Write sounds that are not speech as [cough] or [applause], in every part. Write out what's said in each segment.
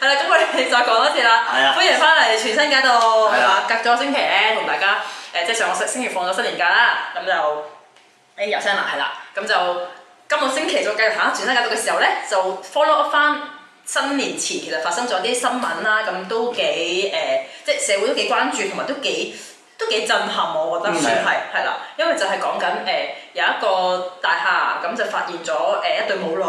係啦，咁我哋再講多次啦。了歡迎翻嚟傳新解毒。係啦了，隔咗個星期咧，同大家誒、呃、即係上個星星期放咗新年假啦，咁、嗯、就你入、哎、聲啦，係啦。咁就今個星期再繼續下傳新解毒嘅時候咧，就 follow up 翻新年前其實發生咗啲新聞啦，咁都幾誒、呃，即係社會都幾關注，同埋都幾都幾震撼，我覺得算係係啦。因為就係講緊誒、呃、有一個大廈咁就發現咗誒、呃、一,一對母女，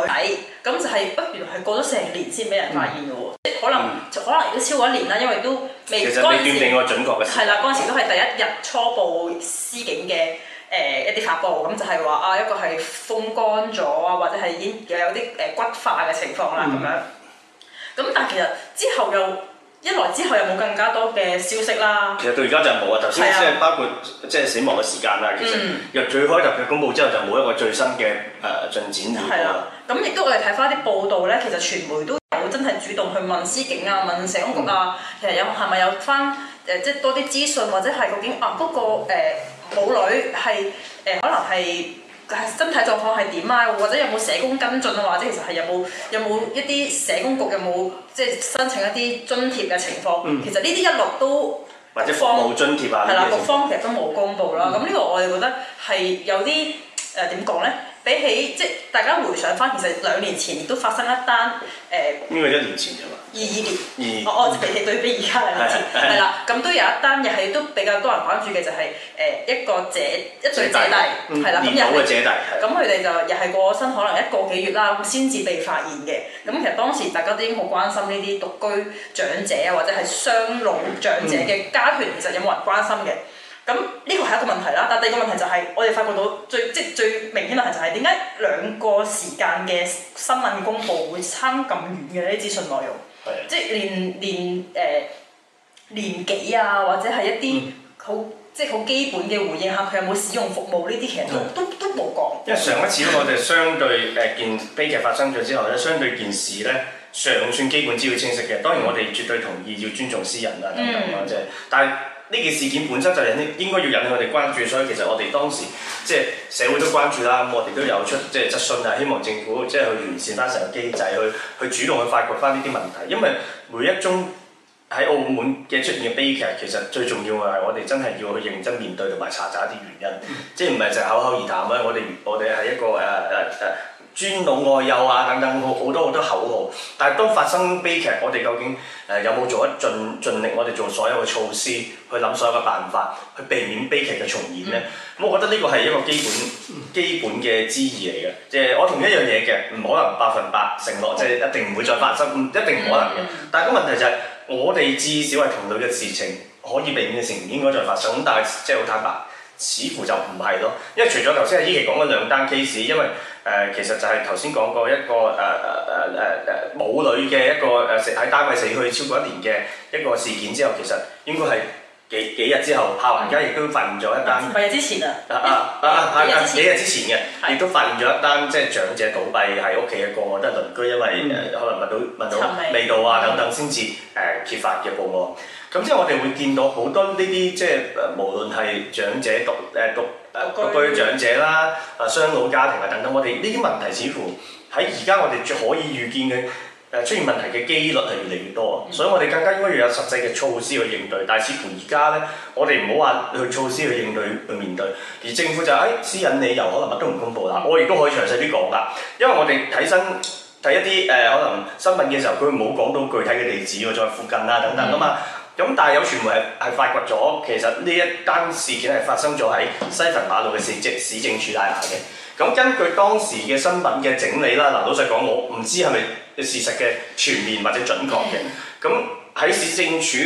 咁就係不如來係過咗成年先俾人發現嘅喎。嗯可能可能都超咗一年啦，因為都未。其實你斷定個準確嘅。係啦，嗰 [noise] 陣時都係第一日初步司警嘅誒、呃、一啲發布，咁就係、是、話啊一個係風乾咗啊，或者係已經有啲誒骨化嘅情況啦咁、嗯、樣。咁但係其實之後又一來之後又冇更加多嘅消息啦的、就是。其實到而家就冇啊，頭先即係包括即係死亡嘅時間啦。其實由最開頭嘅公佈之後就冇一個最新嘅誒、呃、進展。係啦，咁亦都我哋睇翻啲報道咧，其實傳媒都。有真係主動去問司警啊，問社工局啊，其實有係咪有翻誒、呃，即係多啲資訊，或者係究竟啊，嗰、那個誒、呃、母女係誒、呃，可能係身體狀況係點啊，或者有冇社工跟進啊，或者其實係有冇有冇一啲社工局有冇即係申請一啲津貼嘅情況？嗯、其實呢啲一律都或者方冇津貼啊，係啦，各方其實都冇公布啦。咁呢、嗯嗯、個我哋覺得係有啲誒，點講咧？比起即係大家回想翻，其實兩年前亦都發生一單誒。呢、呃、個一年前㗎嘛。二二年。二。哦哦，即係對比而家兩年前，係、嗯、啦，咁都有一單，又係都比較多人關注嘅，就係誒一個姐代一對姐弟，係啦，咁有個姐弟，咁佢哋就又係過咗身，可能一個幾月啦，咁先至被發現嘅。咁其實當時大家都已經好關心呢啲獨居長者或者係雙老長者嘅家配，其實有冇人關心嘅。嗯咁呢個係一個問題啦，但係第二個問題就係我哋發覺到最即係最明顯問題就係點解兩個時間嘅新聞公佈會差咁遠嘅呢啲資訊內容？是的 即係連連誒年紀啊，或者係一啲好、嗯、即係好基本嘅回應下佢有冇使用服務呢啲，其實都是的 都都冇講。因為的上一次我哋相對誒件、 [laughs] 啊、悲劇發生咗之後呢，相對件事呢，尚算基本資料清晰嘅。當然我哋絕對同意要尊重私人啊等等啦，即但係但。呢件事件本身就係應應該要引起我哋關注，所以其實我哋當時即係社會都關注啦。咁我哋都有出即係質詢啊，希望政府即係去完善翻成個機制，去去主動去發掘翻呢啲問題。因為每一宗喺澳門嘅出現嘅悲劇，其實最重要係我哋真係要去認真面對同埋查查一啲原因，即係唔係淨係口口而談啦。我哋我哋係一個誒誒誒。Uh, uh, 尊老愛幼啊，等等，好好多好多口號，但係當發生悲劇，我哋究竟誒有冇做得盡盡力？我哋做所有嘅措施，去諗所有嘅辦法，去避免悲劇嘅重演呢？咁、嗯、我覺得呢個係一個基本基本嘅疑議嚟嘅。即、就、係、是、我同一樣嘢嘅，唔可能百分百承諾，即、就、係、是、一定唔會再發生，一定唔可能嘅。但係個問題就係、是，我哋至少係同類嘅事情可以避免嘅事情，唔應該再發生。但係即係好坦白，似乎就唔係咯。因為除咗頭先阿依琪講嘅兩單 case，因為誒，其實就係頭先講過一個誒誒誒誒誒母女嘅一個誒喺單位死去超過一年嘅一個事件之後，其實應該係幾幾日之後，怕人家亦都發現咗一單，幾日之前啊，啊幾日之前嘅，亦都發現咗一單即長者倒斃喺屋企嘅個案，都係鄰居因為誒可能聞到聞到味道啊等等先至誒揭發嘅報案。咁即係我哋會見到好多呢啲即係無論係長者獨誒獨獨居長者啦，啊雙老家庭啊等等，我哋呢啲問題似乎喺而家我哋可以預見嘅誒、呃、出現問題嘅機率係越嚟越多，嗯、所以我哋更加應該要有實際嘅措施去應對。但係似乎而家咧，我哋唔好話去措施去應對去面對，而政府就誒、哎、私隱理由可能乜都唔公佈啦。嗯、我亦都可以詳細啲講噶，因為我哋睇新睇一啲誒、呃、可能新聞嘅時候，佢冇講到具體嘅地址喎，喺附近啊等等噶嘛。嗯嗯。咁但係有傳媒係係發掘咗，其實呢一單事件係發生咗喺西墳馬路嘅市政市政署大廈嘅。咁根據當時嘅新聞嘅整理啦，嗱，老實講，我唔知係咪事實嘅全面或者準確嘅。咁喺市政署，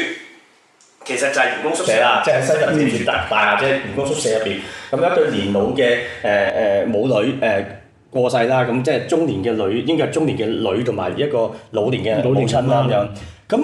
其實就係員工宿舍啦，即喺西墳馬路大廈啫，即員工宿舍入邊。咁、嗯、一對年老嘅誒誒母女誒、呃、過世啦，咁即係中年嘅女，應該係中年嘅女同埋一個老年嘅母親啦。咁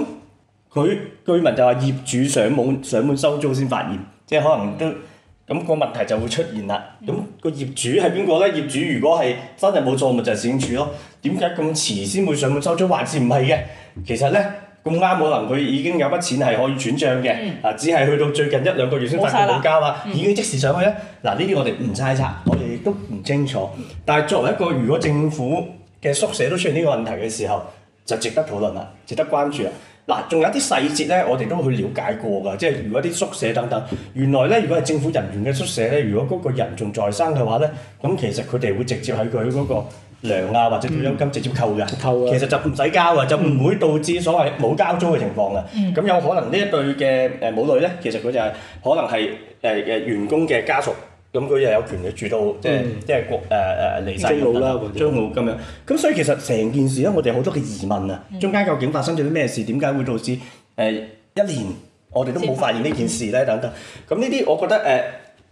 佢居民就話業主上門上門收租先發現，即係可能都咁、那個問題就會出現啦。咁、那個業主係邊個咧？業主如果係真係冇錯，咪就係、是、市政署咯。點解咁遲先會上門收租？還是唔係嘅？其實咧咁啱，可能佢已經有筆錢係可以轉賬嘅。啊、嗯，只係去到最近一兩個月先發現冇交啦，已經即時上去啦。嗱、嗯，呢啲我哋唔猜測，我哋亦都唔清楚。但係作為一個，如果政府嘅宿舍都出現呢個問題嘅時候，就值得討論啦，值得關注啦。嗱，仲有啲細節咧，我哋都去了解過噶，即係如果啲宿舍等等，原來咧，如果係政府人員嘅宿舍咧，如果嗰個人仲在生嘅話咧，咁其實佢哋會直接喺佢嗰個糧啊或者退休金直接扣嘅，嗯、其實就唔使交嘅，就唔會導致所謂冇交租嘅情況嘅。咁有可能呢一對嘅誒母女咧，其實佢就係可能係誒嘅員工嘅家屬。咁佢又有權利住到，嗯、即係即係國誒誒離曬路啦，咁樣。咁所以其實成件事咧，我哋好多嘅疑問啊。嗯、中間究竟發生咗啲咩事？點解會導致誒、呃、一年我哋都冇發現呢件事咧？等等。咁呢啲我覺得誒、呃，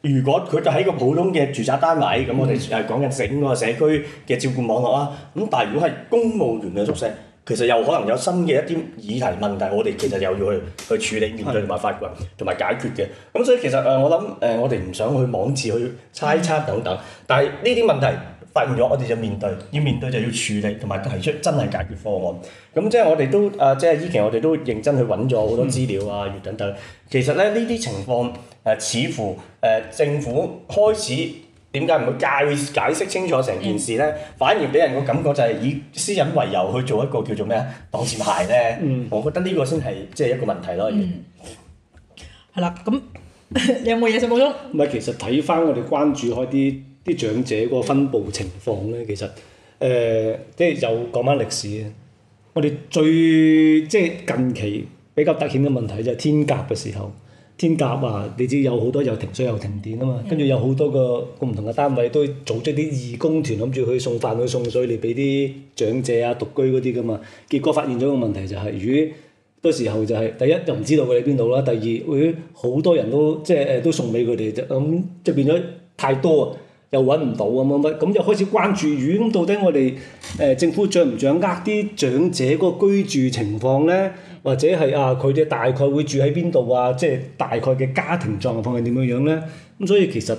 如果佢就喺個普通嘅住宅單位，咁我哋係講緊整個社區嘅照顧網絡啦。咁、嗯、但係如果係公務員嘅宿舍。其實又可能有新嘅一啲議題問題，我哋其實又要去去處理面對同埋發掘同埋解決嘅。咁所以其實誒，我諗誒，我哋唔想去妄自去猜測等等。但係呢啲問題發現咗，我哋就面對，要面對就要處理同埋提出真係解決方案。咁即係我哋都啊，即係呢期我哋都認真去揾咗好多資料、嗯、啊，等等。其實咧，呢啲情況誒、呃，似乎誒、呃、政府開始。點解唔會解解釋清楚成件事咧？嗯、反而俾人個感覺就係以私隱為由去做一個叫做咩啊？擋箭牌咧，嗯、我覺得呢個先係即係一個問題咯。係啦，咁你有冇嘢想補充？唔係，其實睇翻、呃就是、我哋關注開啲啲長者個分佈情況咧，其實誒，即係又講翻歷史嘅。我哋最即係近期比較突顯嘅問題就係天鴿嘅時候。天鴿啊，你知有好多又停水又停電啊嘛，跟住有好多個唔同嘅單位都組織啲義工團，諗住去送飯去送水嚟俾啲長者啊、獨居嗰啲噶嘛，結果發現咗個問題就係、是，如果嗰時候就係、是、第一又唔知道佢喺邊度啦，第二會好、呃、多人都即係、就是呃、都送俾佢哋啫，咁即係變咗太多啊，又揾唔到咁乜乜，咁、這、就、個這個這個、開始關注，如、嗯、咁到底我哋、呃、政府掌唔掌握啲長者嗰個居住情況呢？或者係啊，佢哋大概會住喺邊度啊？即係大概嘅家庭狀況係點樣樣咧？咁所以其實誒。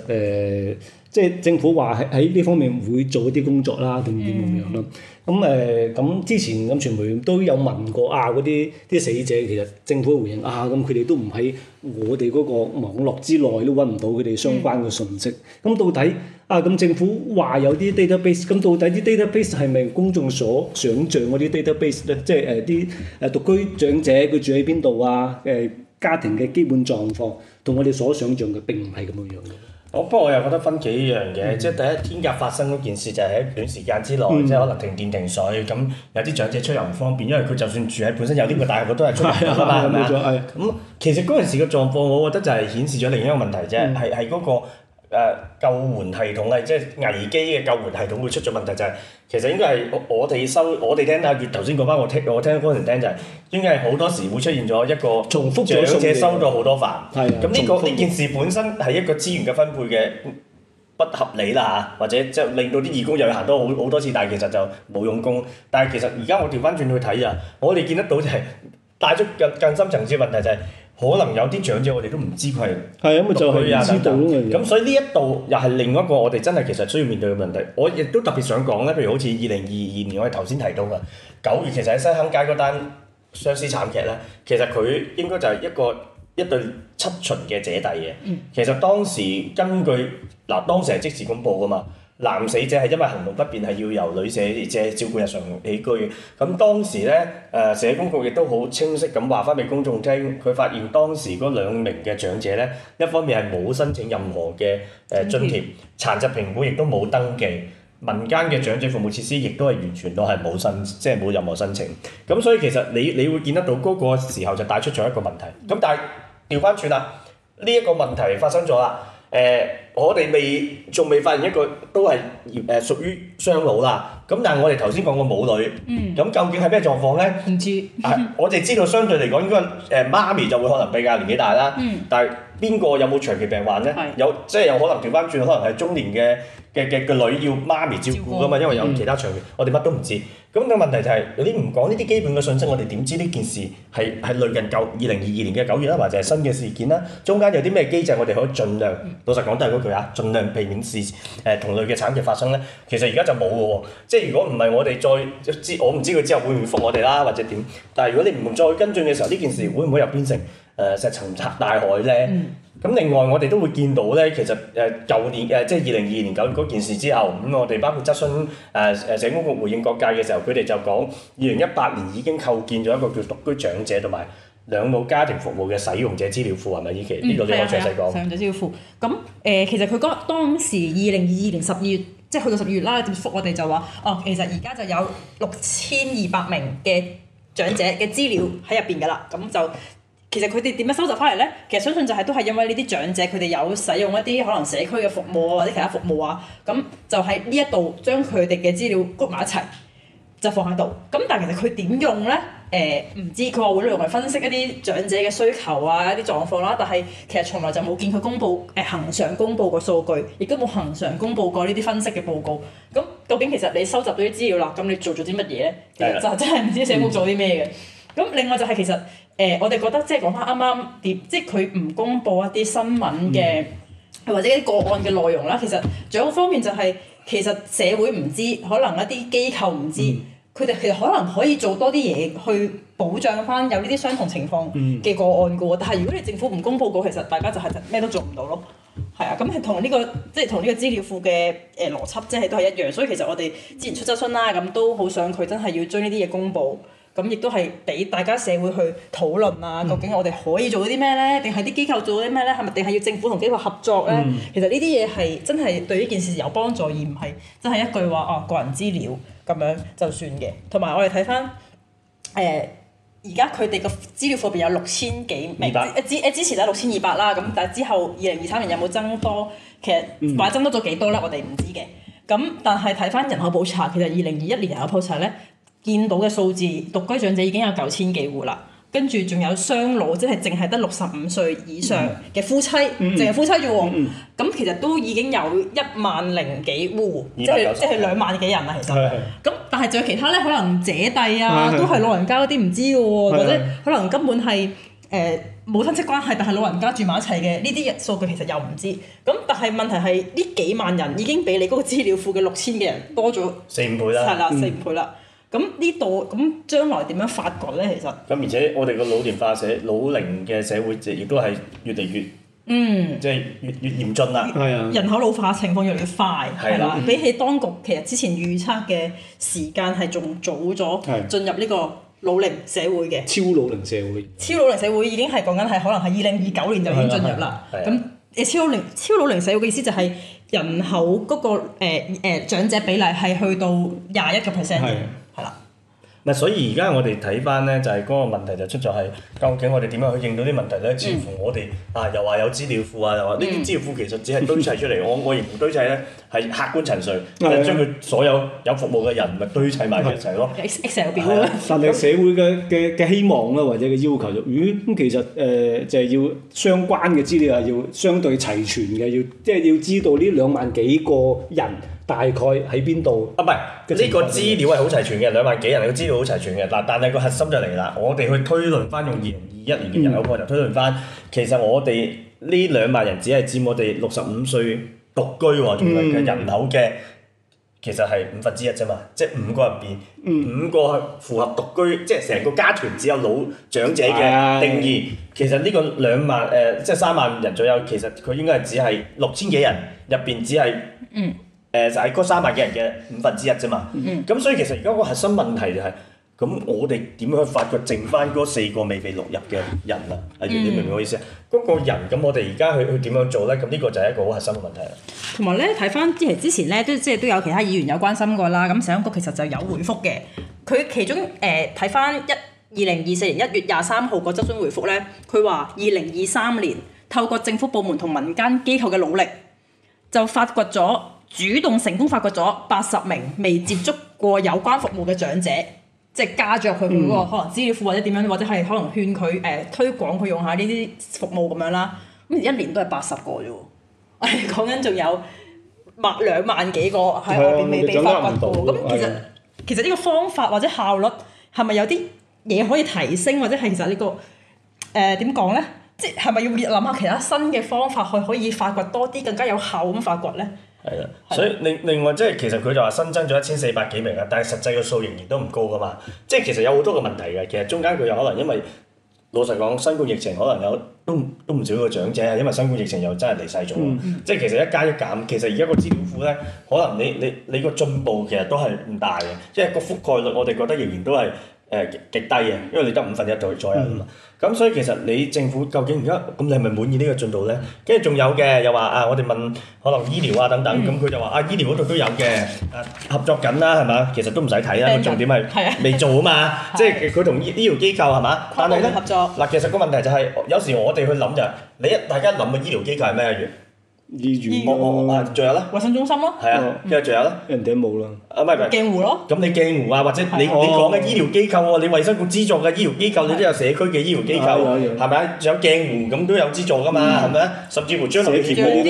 呃即政府話喺呢方面會做一啲工作啦，點點咁樣咯？咁誒咁之前咁傳媒都有問過啊，嗰啲啲死者其實政府回應啊，咁佢哋都唔喺我哋嗰個網絡之內都揾唔到佢哋相關嘅信息。咁、mm hmm. 嗯、到底啊咁政府話有啲 database，咁、嗯、到底啲 database 係咪公眾所想像嗰啲 database 咧？即係誒啲誒獨居長者佢住喺邊度啊？誒、呃、家庭嘅基本狀況同我哋所想像嘅並唔係咁樣樣嘅。我、哦、不過我又覺得分幾樣嘅，嗯、即係第一天假發生嗰件事就係喺短時間之內，嗯、即係可能停電停水咁，有啲長者出入唔方便，因為佢就算住喺本身有啲，但大佢都係出嚟，係咪咁。其實嗰陣時嘅狀況，我覺得就係顯示咗另一個問題啫，係係嗰個。誒，救援系統係即係危機嘅救援系統會出咗問題、就是，就係其實應該係我哋收我哋聽阿月頭先講返我聽，我聽嗰陣聽就係、是、應該係好多時會出現咗一個重複咗嘅，長者收咗好多飯。咁呢個呢件事本身係一個資源嘅分配嘅不合理啦，或者即係令到啲義工又要行多好好多次，但係其實就冇用功。但係其實而家我調翻轉去睇就，我哋見得到就係、是、帶出更更深層次嘅問題就係、是。可能有啲長者我，我哋都唔知佢係佢啊，咁等、嗯、所以呢一度又係另一個我哋真係其實需要面對嘅問題。我亦都特別想講咧，譬如好似二零二二年我哋頭先提到嘅九月其，其實喺西坑街嗰單雙屍慘劇咧，其實佢應該就係一個一對七旬嘅姐弟嘅。嗯、其實當時根據嗱，當時係即時公佈㗎嘛。男死者係因為行動不便係要由女死者照顧日常起居，咁當時咧，誒社工局亦都好清晰咁話翻俾公眾聽，佢發現當時嗰兩名嘅長者咧，一方面係冇申請任何嘅誒津貼，殘疾評估亦都冇登記，民間嘅長者服務設施亦都係完全都係冇申，即係冇任何申請。咁所以其實你你會見得到嗰個時候就帶出咗一個問題。咁但係調翻轉啦，呢一個問題發生咗啦。誒、呃，我哋未仲未發現一個都係誒屬於雙老啦。咁但係我哋頭先講過母女，咁、嗯、究竟係咩狀況咧？唔知、 [laughs] 啊。我哋知道相對嚟講應該誒媽咪就會可能比較年紀大啦。嗯、但係邊個有冇長期病患咧？是有，即係有可能調翻轉，可能係中年嘅嘅嘅女要媽咪照顧噶嘛，因為有其他長期，嗯嗯、我哋乜都唔知。咁個問題就係有啲唔講呢啲基本嘅信息，我哋點知呢件事係係類近九二零二二年嘅九月啦，或者係新嘅事件啦？中間有啲咩機制，我哋可以盡量，嗯、老實講都係嗰句啊，盡量避免事誒同類嘅慘劇發生咧。其實而家就冇嘅喎，即係如果唔係我哋再知，我唔知佢之後會唔會覆我哋啦，或者點？但係如果你唔再跟進嘅時候，呢件事會唔會又變成？誒、呃、石沉大海咧，咁、嗯、另外我哋都會見到咧，其實誒舊年誒即係二零二二年九月嗰件事之後，咁我哋包括質詢誒誒社工局回應各界嘅時候，佢哋就講二零一八年已經構建咗一個叫獨居長者同埋兩老家庭服務嘅使用者資料庫，係咪呢期？呢、嗯、個都我再細講,講、嗯。使用者資料庫，咁、嗯、誒、嗯、其實佢嗰當時二零二二年十二月，即係去到十二月啦，接覆我哋就話，哦，其實而家就有六千二百名嘅長者嘅資料喺入邊㗎啦，咁、嗯、 [noise] 就。其實佢哋點樣收集翻嚟咧？其實相信就係都係因為呢啲長者佢哋有使用一啲可能社區嘅服務啊，或者其他服務啊，咁就喺呢一度將佢哋嘅資料谷埋一齊，就放喺度。咁但係其實佢點用咧？誒、呃、唔知佢話會用嚟分析一啲長者嘅需求啊、一啲狀況啦。但係其實從來就冇見佢公布誒恆常公布過數據，亦都冇恒常公布過呢啲分析嘅報告。咁究竟其實你收集到啲資料啦，咁你做咗啲乜嘢咧？的其實就真係唔知社福做啲咩嘅。咁、嗯、另外就係其實。誒、呃，我哋覺得即係講翻啱啱點，即係佢唔公佈一啲新聞嘅，或者一啲個案嘅內容啦。其實仲有一個方面就係、是，其實社會唔知，可能一啲機構唔知，佢哋、嗯、其實可能可以做多啲嘢去保障翻有呢啲相同情況嘅個案噶喎。但係如果你政府唔公佈個，其實大家就係咩都做唔到咯。係啊，咁係同呢個即係同呢個資料庫嘅誒邏輯，即係、呃、都係一樣。所以其實我哋之前出質詢啦，咁都好想佢真係要將呢啲嘢公佈。咁亦都係俾大家社會去討論啊，究竟我哋可以做啲咩咧？定係啲機構做啲咩咧？係咪？定係要政府同機構合作咧？嗯、其實呢啲嘢係真係對呢件事有幫助，而唔係真係一句話哦個人資料咁樣就算嘅。同埋我哋睇翻誒而家佢哋個資料庫入邊有六千幾名，誒支誒之前咧六千二百啦，咁但係之後二零二三年有冇增多？其實話增多咗幾多咧？我哋唔知嘅。咁但係睇翻人口普查，其實二零二一年人口普查咧，見到嘅數字，獨居長者已經有九千幾戶啦，跟住仲有雙老，即係淨係得六十五歲以上嘅夫妻，淨係夫妻啫喎。咁其實都已經有一萬零幾戶，即係即係兩萬幾人啦。其實，咁但係仲有其他咧，可能姐弟啊，都係老人家嗰啲唔知嘅喎，或者可能根本係誒冇親戚關係，但係老人家住埋一齊嘅呢啲人數據其實又唔知。咁但係問題係呢幾萬人已經比你嗰個資料庫嘅六千嘅人多咗四五倍啦，係啦，四五倍啦。咁呢度咁將來點樣發覺呢？其實咁而且我哋個老年化社老齡嘅社會亦都係越嚟越，嗯，即係越越嚴峻啦，人口老化情況越嚟越快，係啦吧，嗯、比起當局其實之前預測嘅時間係仲早咗，係進入呢個老齡社會嘅超老齡社會。超老齡社會已經係講緊係可能係二零二九年就已經進入啦。咁、啊啊啊、超老齡超老齡社會嘅意思就係人口嗰、那個誒誒、呃呃呃、長者比例係去到廿一個 percent。的所以而家我哋睇翻咧，就係、是、嗰個問題就出在係，究竟我哋點樣去應到啲問題咧？似乎我哋、嗯、啊，又話有資料庫啊，又話呢啲資料庫其實只係堆砌出嚟。嗯、我我認為堆砌咧，係客觀程序， [laughs] 將佢所有有服務嘅人咪堆砌埋一齊咯。X X 社會嘅社會嘅嘅嘅希望啦，或者嘅要求就，咦？咁其實誒、呃、就係、是、要相關嘅資料啊，要相對齊全嘅，要即係、就是、要知道呢兩萬幾個人，人。大概喺邊度？啊，唔係呢個資料係好齊全嘅，兩萬幾人個資料好齊全嘅。嗱、嗯，但係個核心就嚟啦。我哋去推論翻用二零二一年嘅人口，就、嗯、推論翻其實我哋呢兩萬人只係佔我哋六十五歲獨居喎，仲係嘅人口嘅，其實係五分之一啫嘛，即係五個入邊，嗯、五個符合獨居，即係成個家團只有老長者嘅定義。嗯、其實呢個兩萬誒、呃，即係三萬人左右，其實佢應該係只係六千幾人入邊，只係嗯。誒、呃、就係、是、嗰三萬幾人嘅五分之一啫嘛，咁、嗯、所以其實而家個核心問題就係、是，咁我哋點樣去發掘剩翻嗰四個未被錄入嘅人啦？阿袁、嗯，你明唔明我意思啊？嗰、那個人咁，我哋而家去去點樣做咧？咁呢個就係一個好核心嘅問題啦。同埋咧，睇翻即係之前咧，都即係都有其他議員有關心過啦。咁社工局其實就有回覆嘅，佢其中誒睇翻一二零二四年一月廿三號個質詢回覆咧，佢話二零二三年透過政府部門同民間機構嘅努力，就發掘咗。主動成功發掘咗八十名未接觸過有關服務嘅長者，即係加著佢嗰個可能資料庫或者點樣，或者係可能勸佢誒推廣佢用下呢啲服務咁樣啦。咁一年都係八十個啫喎，我哋講緊仲有萬兩萬幾個喺屋入邊未被發掘到。咁、嗯、其實、嗯、其實呢個方法或者效率係咪有啲嘢可以提升，或者係其實、這個呃、呢個誒點講咧？即係咪要諗下其他新嘅方法去可以發掘多啲更加有效咁發掘咧？係啊，所以另另外即係其實佢就話新增咗一千四百幾名啦，但係實際個數仍然都唔高㗎嘛。即係其實有好多個問題嘅，其實中間佢有可能因為老實講新冠疫情可能有都都唔少個長者，因為新冠疫情又真係離世咗。即係、嗯、哼其實一加一加減，其實而家個資料庫咧，可能你你你個進步其實都係唔大嘅，即係個覆蓋率我哋覺得仍然都係。誒極低嘅，因為你得五分一左右左右啊嘛。咁、嗯、所以其實你政府究竟而家咁你係咪滿意呢個進度咧？跟住仲有嘅，又話啊，我哋問可能醫療啊等等，咁佢、嗯、就話啊，醫療嗰度都有嘅，誒、啊、合作緊啦，係嘛？其實都唔使睇啦，個、嗯、重點係未做啊嘛。嗯、即係佢同醫醫療機構係嘛？ [laughs] 但係咧嗱， [laughs] 其實個問題就係、是，有時我哋去諗就係、是、你一大家諗嘅醫療機構係咩嘢？醫院，仲有咧？衞生中心咯，係啊，跟住仲有咧？人哋都冇啦。啊，唔係唔係，鏡湖咯。咁你鏡湖啊，或者你你講嘅醫療機構，你衞生局資助嘅醫療機構，你都有社區嘅醫療機構，係咪？仲有鏡湖咁都有資助噶嘛？係咪？甚至乎將來嘅協和係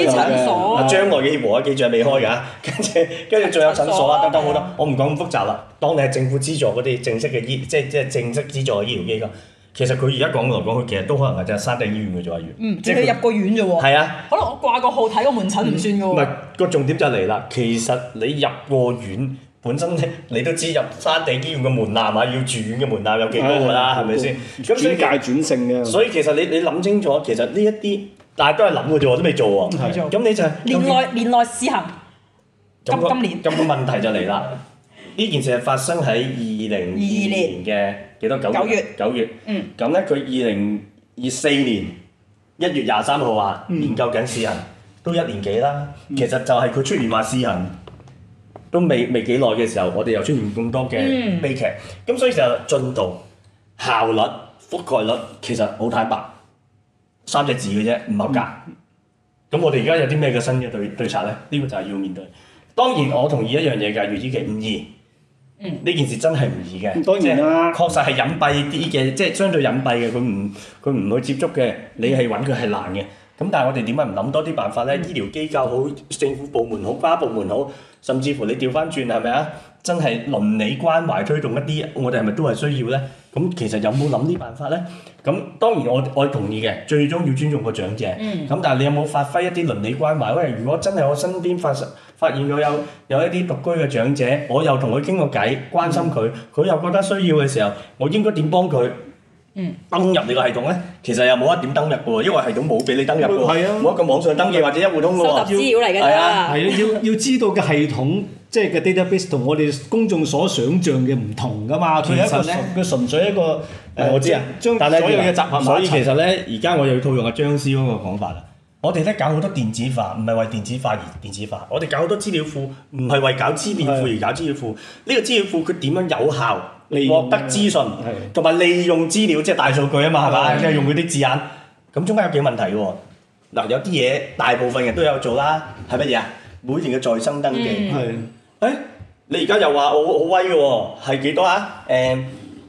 未開㗎，跟住跟住仲有診所啊，等等好多。我唔講咁複雜啦，當你係政府資助嗰啲正式嘅醫，即即正式資助嘅醫療機構。其實佢而家講來講，佢其實都可能係隻山頂醫院嘅做住院。嗯，即係佢入過院啫喎。係啊。可能我掛個號睇個門診唔算嘅喎。唔係，個重點就嚟啦。其實你入過院本身你都知入山頂醫院嘅門檻啊，要住院嘅門檻有幾高㗎啦，係咪先？咁轉界轉性嘅。所以其實你你諗清楚，其實呢一啲，但係都係諗嘅啫，都未做喎。咁你就年內年內試行。今今年。咁問題就嚟啦。呢件事係發生喺二零二二年嘅幾多九月？九月，咁咧佢二零二四年一月廿三號啊，研究緊試行，都一年幾啦。其實就係佢出現話試行，都未未幾耐嘅時候，我哋又出現咁多嘅悲劇。咁所以就進度、效率、覆蓋率，其實好坦白，三隻字嘅啫，唔合格。咁我哋而家有啲咩嘅新嘅對對策咧？呢個就係要面對。當然我同意一樣嘢㗎，預知其唔易。呢件事真係唔易嘅，當然啦，確實係隱蔽啲嘅，即係相對隱蔽嘅，佢唔佢唔去接觸嘅，你係揾佢係難嘅。咁但係我哋點解唔諗多啲辦法咧？醫療機構好，政府部門好，跨部門好，甚至乎你調翻轉，係咪啊？真係鄰里關懷推動一啲，我哋係咪都係需要咧？咁其實有冇諗啲辦法咧？咁當然我我同意嘅，最終要尊重個長者。咁、嗯、但係你有冇發揮一啲鄰里關懷？喂，如果真係我身邊發實發現又有有一啲獨居嘅長者，我又同佢傾過偈，關心佢，佢、嗯、又覺得需要嘅時候，我應該點幫佢？登入你個系統咧，其實又冇一點登入嘅喎，因為系統冇俾你登入嘅，冇一個網上登記或者一戶通嘅喎。收集資料嚟㗎啫。係啊，係啊，要要知道嘅系統，即係嘅 database 同我哋公眾所想像嘅唔同㗎嘛。其實咧，佢純粹一個我知啊。將所有嘅集合。所以其實咧，而家我又要套用阿張師嗰個講法啦。我哋咧搞好多電子化，唔係為電子化而電子化。我哋搞好多資料庫，唔係為搞資料庫而搞資料庫。呢個資料庫佢點樣有效？獲得資訊同埋利用資料，即係、就是、大數據啊嘛，係嘛吧？即係用嗰啲字眼，咁中間有幾問題喎？嗱，有啲嘢大部分人都有做啦，係乜嘢啊？每年嘅在生登記，係、嗯，誒、欸，你而家又話我好威嘅喎，係幾多啊？誒、嗯，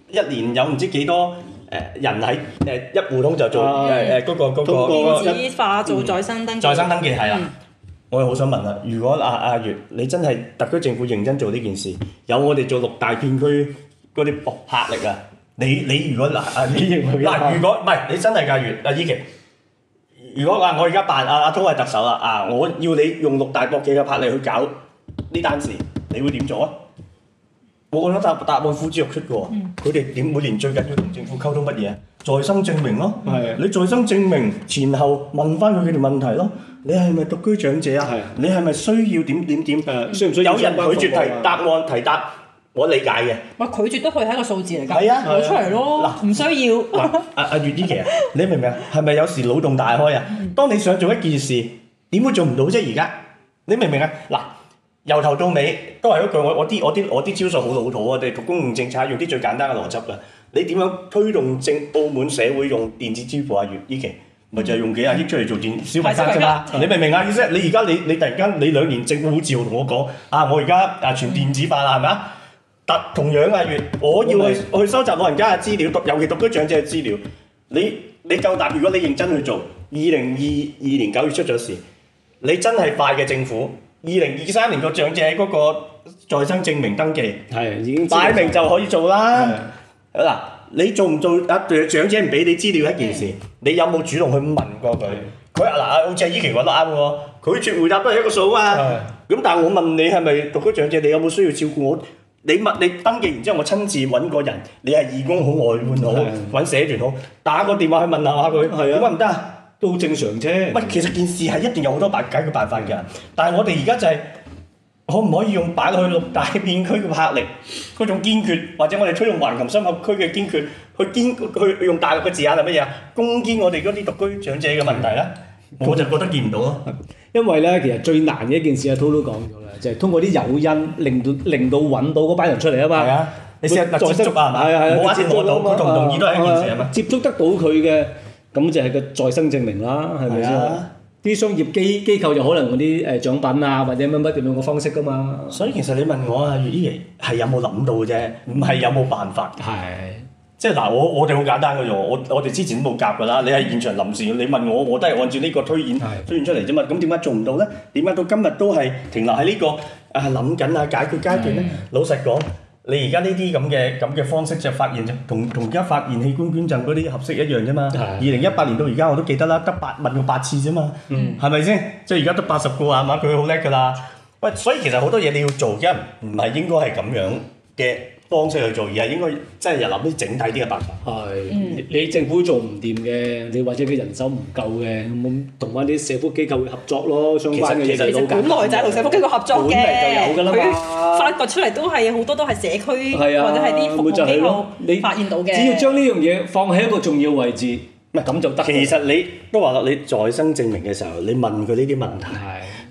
一年有唔知幾多誒人喺誒一戶通就做誒誒嗰個嗰、那個電化做在生登記，在、嗯、生登記係啦。嗯、我又好想問啦，如果阿、啊、阿、啊啊、月你真係特區政府認真做呢件事，有我哋做六大片區嗰啲博魄力啊！你你如果嗱啊，嗱 [laughs] 如果唔係你真係噶，袁阿依期，如果話我而家扮阿阿東係特首啊，我要你用六大博企嘅魄力去搞呢單事，你會點做啊？我覺得答答案呼之欲出嘅喎，佢哋點每年最近要同政府溝通乜嘢？在生證明咯、啊，是的 你在生證明前後問翻佢佢哋問題咯、啊，你係咪獨居長者啊？係，是的 你係咪需要點點點？有人拒絕提答案，提答，案提答？我理解嘅，咪拒絕都可以係一個數字嚟，攞出嚟咯。嗱，唔需要。阿月依琪，你明唔明啊？係咪有時腦洞大開啊？當你想做一件事，點會做唔到啫？而家你明唔明啊？嗱，由頭到尾都係一句我我啲我啲招數好老土啊！我哋公共政策，用啲最簡單嘅邏輯啊！你點樣推動政澳門社會用電子支付啊？月依琪，咪就係用幾廿億出嚟做電子消費卡啊？你明唔明啊？意思你而家你突然間你兩年政府照同我講啊，我而家啊全電子化啦，係咪？但同樣啊，月，我要去去收集老人家嘅資料，讀尤其獨居長者嘅資料。你你夠膽，如果你認真去做，二零二二年九月出咗事，你真係快嘅政府。二零二三年個長者喺嗰個在生證明登記，係已經擺明就可以做啦。嗱，你做唔做啊？長者唔俾你資料一件事，你有冇主動去問過佢？佢嗱啊，好似阿依琪話得啱喎，拒絕回答都係一個數啊。咁但係我問你係咪獨居長者？你有冇需要照顧我？你登記完之後，我親自揾個人，你係義工好、外判好、揾社團好，打個電話去問下佢，點解唔得啊？都好正常啫。喂的，其實件事係一定有好多辦解嘅辦法嘅，但係我哋而家就係、是嗯、可唔可以用擺落去六大片區嘅魄力，佢仲堅決，或者我哋出用橫琴深合區嘅堅決，去堅去用大陸嘅字眼係乜嘢啊？攻堅我哋嗰啲獨居長者嘅問題呢？我就覺得見唔到咯，因為咧其實最難嘅一件事啊，阿滔都講咗啦，就係通過啲誘因令到令到揾到嗰班人出嚟啊嘛。係啊，你先要接觸啊嘛，冇接觸到佢同意都係一件事啊嘛。接觸得到佢嘅，咁就係個再生證明啦，係咪先？啲商業機機構就可能嗰啲誒獎品啊，或者乜乜點樣嘅方式噶嘛。所以其實你問我啊，月依係有冇諗到啫，唔係有冇辦法嘅。係。即係嗱，我我哋好簡單嘅啫喎，我我哋之前都冇夾㗎啦。你喺現場臨時，你問我，我都係按照呢個推演推演出嚟啫嘛。咁點解做唔到咧？點解到今日都係停留喺呢個啊諗緊啊解決階段咧？老實講，你而家呢啲咁嘅咁嘅方式就發現就同同而家發現器官捐贈嗰啲合適一樣啫嘛。二零一八年到而家我都記得啦，得八問過八次啫嘛，係咪先？即係而家得八十個啊嘛，佢好叻㗎啦。喂，所以其實好多嘢你要做嘅唔係應該係咁樣嘅方式去做，而係應該真係要諗啲整體啲嘅辦法。係是，嗯、你政府做唔掂嘅，你或者啲人手唔夠嘅，咁同翻啲社福機構合作咯。相關嘅嘢就其實本來就係同社福機構合作，本來就有㗎啦嘛。發掘出嚟都係好多都係社區、啊、或者係啲福利屋，你發現到嘅。只要將呢樣嘢放喺一個重要位置，唔係咁就得。其實你都話啦，你在生證明嘅時候，你問佢呢啲問題。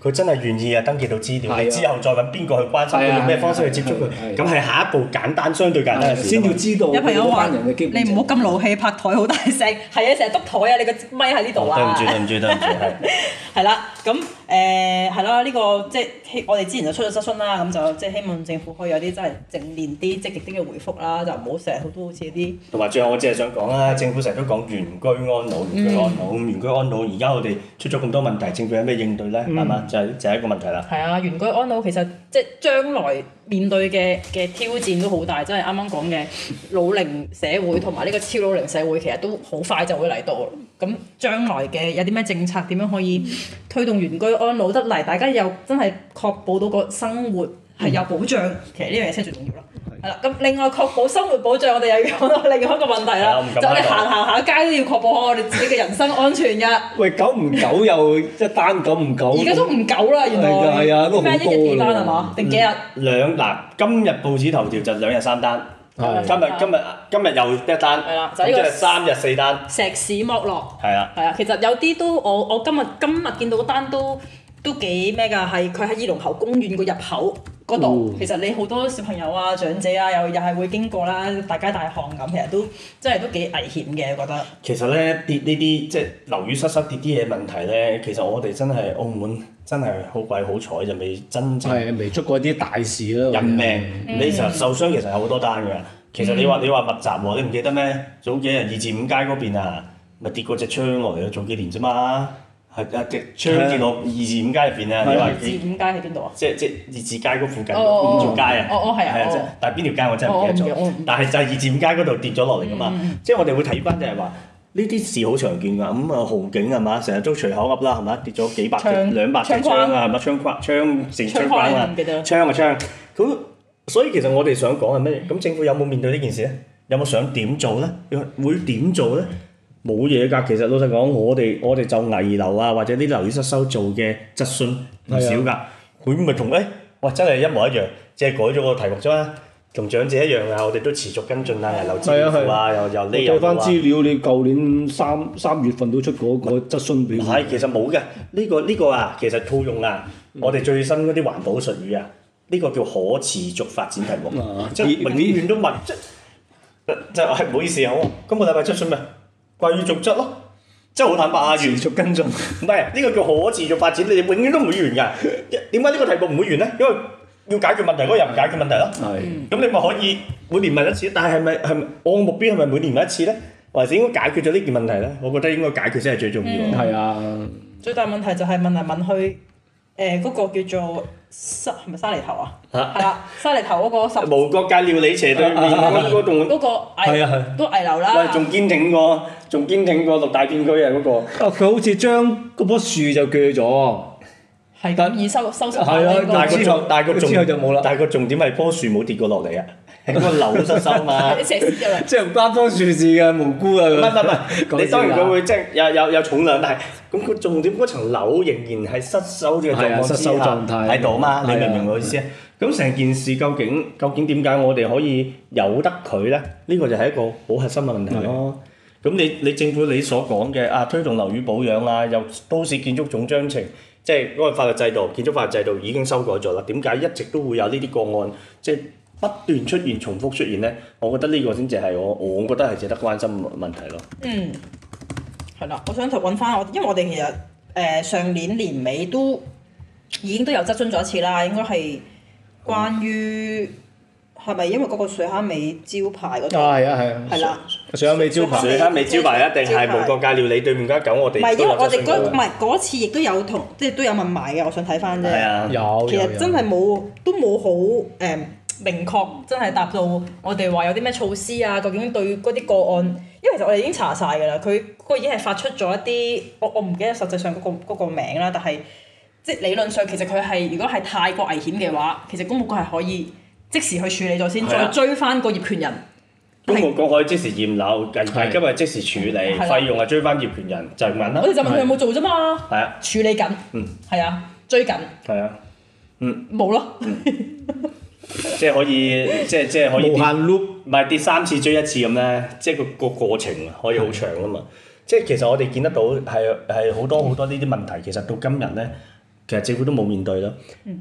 佢真係願意啊！登記到資料，啊、之後再揾邊個去關心佢，啊、用咩方式去接觸佢，咁係、啊啊啊、下一步簡單，相對簡單嘅事，先要知道。有朋友話你唔好咁勞氣，拍台好大聲，係啊，成日督台啊，你個咪喺呢度啊！對唔住對唔住對唔住，係啦咁。 [laughs] 誒係啦，呢、嗯呢個即係我哋之前就出咗質詢啦，咁就即係希望政府可以有啲真係正面啲積極啲嘅回覆啦，就唔好成日好多好似啲。同埋最後我只係想講啦，政府成日都講原居安老、原居安老，咁、嗯、原居安老而家我哋出咗咁多問題，政府有咩應對咧？係嘛、嗯，就係、係、就係、係、一個問題啦。係啊，原居安老其實即係將來面對嘅嘅挑戰都好大，即係啱啱講嘅老齡社會同埋呢個超老齡社會，其實都好快就會嚟到啦。咁將來嘅有啲咩政策點樣可以推動原居安老得嚟？大家又真係確保到個生活係有保障，嗯、其實呢樣嘢先最重要啦。係啦的，咁另外確保生活保障，我哋又要講到另外一個問題啦。嗯、我就你行行下街都要確保好我哋自己嘅人身安全㗎。喂，久唔久又即一單？久唔久？而家 [laughs] 都唔久啦，原來。係啊，都好多啦。咩一日幾單係嘛？定幾日？兩嗱，今日報紙頭條就兩日三單。今日天的今日今日又一單，就是這個、即係三日四單。石屎剝落，係啊係啊，其實有啲都我我今日今日見到單都都幾咩㗎？係佢喺二龍喉公園個入口嗰度，嗯、其實你好多小朋友啊、長者啊，又又係會經過啦，大街大巷咁，其實都即係都幾危險嘅，我覺得。其實咧跌呢啲即係樓宇失失跌啲嘢問題咧，其實我哋真係澳門。真係好鬼好彩，就未真正未出過啲大事咯。人命，你其實受傷其實有好多單嘅。其實你話你話密集喎，你唔記得咩？早幾日二至五街嗰邊啊，咪跌過隻窗落嚟啊？早幾年咋嘛？係啊，隻窗跌落二至五街入邊啊！你話二至五街喺邊度啊？即即二字街嗰附近五條街啊！哦哦，係啊！但邊條街我真係唔記得咗，但係就係二至五街嗰度跌咗落嚟噶嘛。即我哋會睇翻就係話。呢啲事好常見㗎，咁啊豪景係嘛，成日都隨口噏啦，係嘛跌咗幾百隻唱兩百隻槍啊，係嘛槍框槍成槍框啊，槍啊槍，咁所以其實我哋想講係咩？咁政府有冇面對呢件事咧？有冇想點做咧？會點做咧？冇嘢㗎。其實老實講，我哋我哋就危樓啊，或者啲樓宇失修做嘅質詢唔少㗎。佢咪的同誒，哇真係一模一樣，只係改咗個題目啫。同長者一樣啊！我哋都持續跟進啊，留資料啊，又又呢又啊。都睇翻資料，你舊年三三月份都出嗰個質詢表。唔係，其實冇嘅，呢個呢個啊，其實套用啊，我哋最新嗰啲環保術語啊，呢個叫可持續發展題目，即係永遠都問。即係係唔好意思啊，今個禮拜出信咩？關於續質咯，即係好坦白啊，持續跟進。唔係，呢個叫可持續發展，你哋永遠都唔會完㗎。點解呢個題目唔會完咧？因為要解決問題嗰個又唔解決問題咯，咁、嗯、你咪可以每年問一次。但係係咪係我目標係咪每年問一次咧？還是應該解決咗呢件問題咧？我覺得應該解決先係最重要。係、嗯、啊，最大問題就係問嚟問去，誒、欸、嗰、那個叫做是是沙係咪沙梨頭啊？係啦、啊啊，沙梨頭嗰個十無 [laughs] 國界料理斜對面嗰、啊、個棟，嗰個危、啊啊、都危樓啦。喂，仲堅挺過，仲堅挺過六大片區啊嗰、那個。啊，佢好似將嗰棵樹就鋸咗。係咁，易收收縮。係咯，但係個但係個重點就冇啦。但係個重點係棵樹冇跌過落嚟啊！咁個樓都失修嘛，即係唔關棵樹事㗎，無辜啊！唔係唔係，你當然佢會即係有有有重量，但係咁佢重點嗰層樓仍然係失修嘅狀態喺度啊嘛！你明唔明我意思啊？咁成件事究竟究竟點解我哋可以由得佢咧？呢個就係一個好核心嘅問題咯。咁你你政府你所講嘅啊，推動樓宇保養啊，又都市建築總章程。即係嗰個法律制度，建築法律制度已經修改咗啦。點解一直都會有呢啲個案，即係不斷出現、重複出現咧？我覺得呢個先至係我，我覺得係值得關心嘅問題咯。嗯，係啦，我想揾翻我，因為我哋其實誒、呃、上年年尾都已經都有質詢咗一次啦，應該係關於。嗯係咪因為嗰個水坑尾招牌嗰度？啊，係啊，係啊。係啦了。水坑尾招牌，水坑尾招牌一定係無國界料理牌對面間狗。我哋唔係，因為我哋嗰唔係嗰次亦都有同，即係都有問埋嘅。我想睇翻啫。係啊，其實，其實真係冇，都冇好誒明確，真係答到我哋話有啲咩措施啊？究竟對嗰啲個案，因為其實我哋已經查晒㗎啦。佢嗰個已經係發出咗一啲，我我唔記得實際上嗰個嗰個名啦，但係即理論上其實佢係如果係太過危險嘅話，其實公務局係可以。即時去處理咗先，再追翻個業權人。工務局可以即時驗樓，人哋今日即時處理，費用係追翻業權人就問啦。我哋就問佢有冇做啫嘛？係啊，處理緊。嗯。係啊，追緊。係啊。嗯。冇咯。即係可以，即係即係可以無限 loop，唔係跌三次追一次咁咧。即係個個過程可以好長啊嘛。即係其實我哋見得到係係好多好多呢啲問題，其實到今日咧。其實政府都冇面對咯，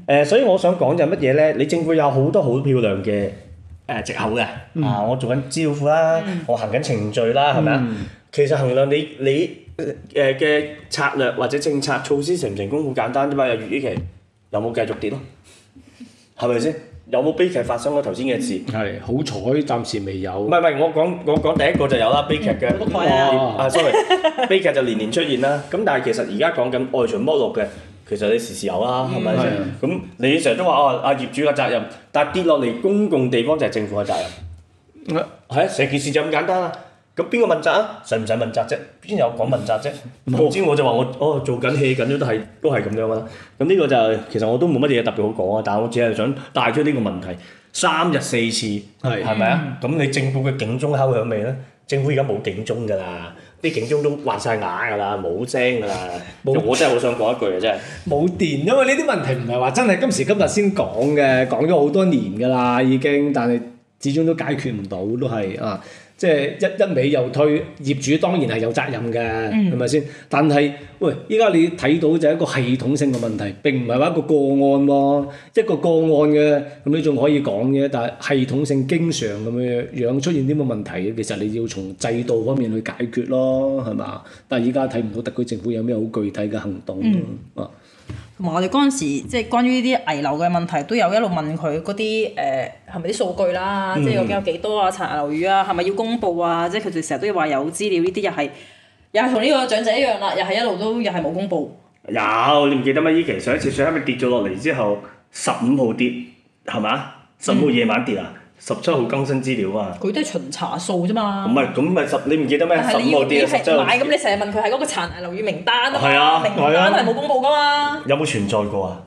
誒，所以我想講就乜嘢咧？你政府有好多好漂亮嘅誒藉口嘅，啊，我做緊資料庫啦，我行緊程序啦，係咪啊？其實衡量你你誒嘅策略或者政策措施成唔成功好簡單啫嘛，有月依期有冇繼續跌咯？係咪先？有冇悲劇發生過頭先嘅事？係，好彩暫時未有。唔係唔係，我講我講第一個就有啦，悲劇嘅，啊 sorry，悲劇就年年出現啦。咁但係其實而家講緊石屎剝落嘅。其實你時時有啦，係咪先？咁吧是的 你成日都話哦，阿業主嘅責任，但跌落嚟公共地方就係政府嘅責任。係啊，成、啊、件事就咁簡單啦，啊。咁邊個問責、問責、問責、嗯、啊？使唔使問責啫？邊有講問責啫？總之我就話我哦，做緊戲緊都係都係咁樣啦。咁呢個就其實我都冇乜嘢特別好講啊。但我只係想帶出呢個問題。三日四次係咪啊？咁你政府嘅警鐘敲響未咧？政府而家冇警鐘㗎啦。啲警鐘都話晒眼㗎啦，冇聲㗎啦， [laughs] 我真係好想講一句啊，真係冇電，因為呢啲問題唔係話真係今時今日先講嘅，講咗好多年㗎啦，已經，但係始終都解決唔到，都係啊。即係一一味又推，業主當然係有責任嘅，係咪先？但係喂，依家你睇到就係一個系統性嘅問題，並唔係話一個個案喎，一個個案嘅，咁你仲可以講嘅，但係系統性經常咁樣樣出現啲乜問題，其實你要從制度方面去解決咯，係咪？但係依家睇唔到特區政府有咩好具體嘅行動啊。嗯話我哋嗰陣時，即係關於呢啲危樓嘅問題，都有一路問佢嗰啲誒係咪啲數據啦、嗯嗯，即係究竟有幾多啊，殘留魚啊，係咪要公佈啊？即係佢哋成日都要話有資料，呢啲又係又係同呢個長者一樣啦，又係一路都又係冇公佈。有你唔記得咩？依期上一次上係咪跌咗落嚟之後，十五號跌係嘛？十五號夜晚跌啊！嗯十七號更新資料啊！佢都係巡查數啫嘛。唔係，咁咪十你唔記得咩？十部啲係真買咁，你成日問佢係嗰個殘留名單啊？係啊，名單都係冇公佈噶嘛。有冇存在過啊？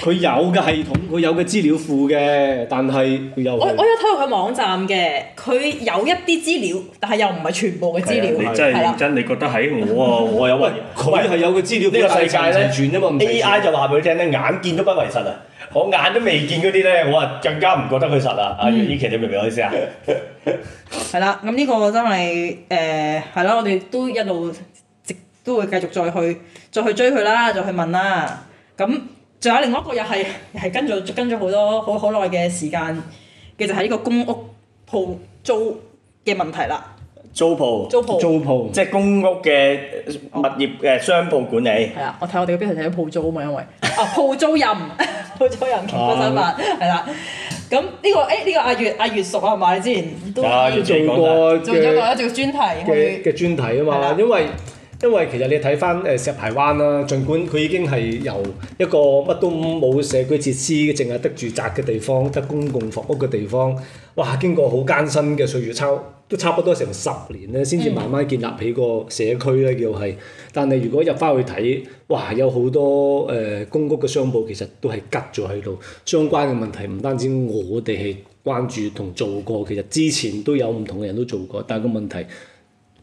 佢有嘅系統，佢有嘅資料庫嘅，但係我有睇過佢網站嘅，佢有一啲資料，但係又唔係全部嘅資料。你真係認真？你覺得喺我啊，我有混？佢係有嘅資料。呢個世界咧，AI 就話俾佢聽咧，眼見都不為實啊！我眼都未見嗰啲咧，我啊更加唔覺得佢實啦！阿 e r i 你明唔明我意思啊？係 [laughs] 啦， [laughs] 咁呢個真係誒係咯，我哋都一路直都會繼續再去再去追佢啦，再去問啦。咁仲有另外一個又係係跟咗跟咗好多好好耐嘅時間嘅就係呢個公屋鋪租嘅問題啦。租鋪，租鋪泡，租泡即係公屋嘅物業嘅商鋪管理。係啊、哦，我睇我哋邊度睇到鋪租啊嘛，因為哦鋪、啊、租賃，鋪 [laughs] 租賃乾坤三萬啦。咁呢、啊呢個誒呢、欸呢個阿月阿月熟啊嘛，你之前都做過做咗個一條專題嘅、啊、專題啊嘛，因為因為其實你睇翻誒石排灣啦，儘管佢已經係由一個乜都冇社區設施，淨係得住宅嘅地方，得公共房屋嘅地方。哇！經過好艱辛嘅歲月，差都差不多成十年咧，先至慢慢建立起個社區咧，叫係。但係如果入翻去睇，哇！有好多誒、呃、公屋嘅商鋪，其實都係吉咗喺度。相關嘅問題唔單止我哋係關注同做過，其實之前都有唔同嘅人都做過，但係個問題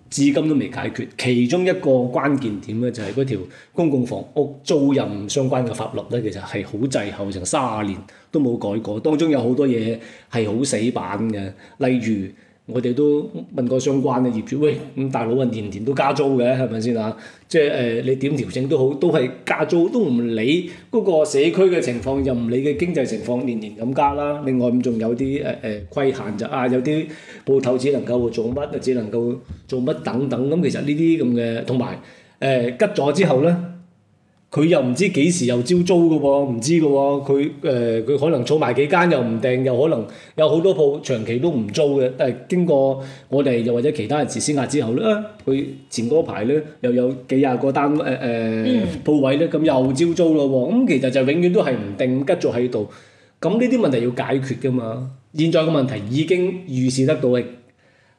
至今都未解決，其中一個關鍵點咧就係嗰條公共房屋租賃相關嘅法律咧，其實係好滯後，成卅年都冇改過，當中有好多嘢係好死板嘅，例如。我哋都問過相關嘅業主，喂，咁大佬話年年都加租嘅，係咪先啊？即係誒、呃，你點調整都好，都係加租，都唔理嗰個社區嘅情況，又唔理嘅經濟情況，年年咁加啦。另外咁仲有啲誒誒規限就啊，有啲鋪頭只能夠做乜，只能夠做乜等等。咁、嗯、其實呢啲咁嘅，同埋誒吉咗之後呢。佢又唔知幾時又招租㗎喎、哦，唔知㗎喎、哦，佢誒佢可能儲埋幾間又唔定，又可能有好多鋪長期都唔租嘅。誒經過我哋又或者其他人士施壓之後咧，佢、啊、前嗰排咧又有幾廿個單誒誒鋪位咧，咁又招租喇喎、哦。咁、嗯嗯、其實就永遠都係唔定，吉咗喺度。咁呢啲問題要解決嘅嘛。現在嘅問題已經預示得到係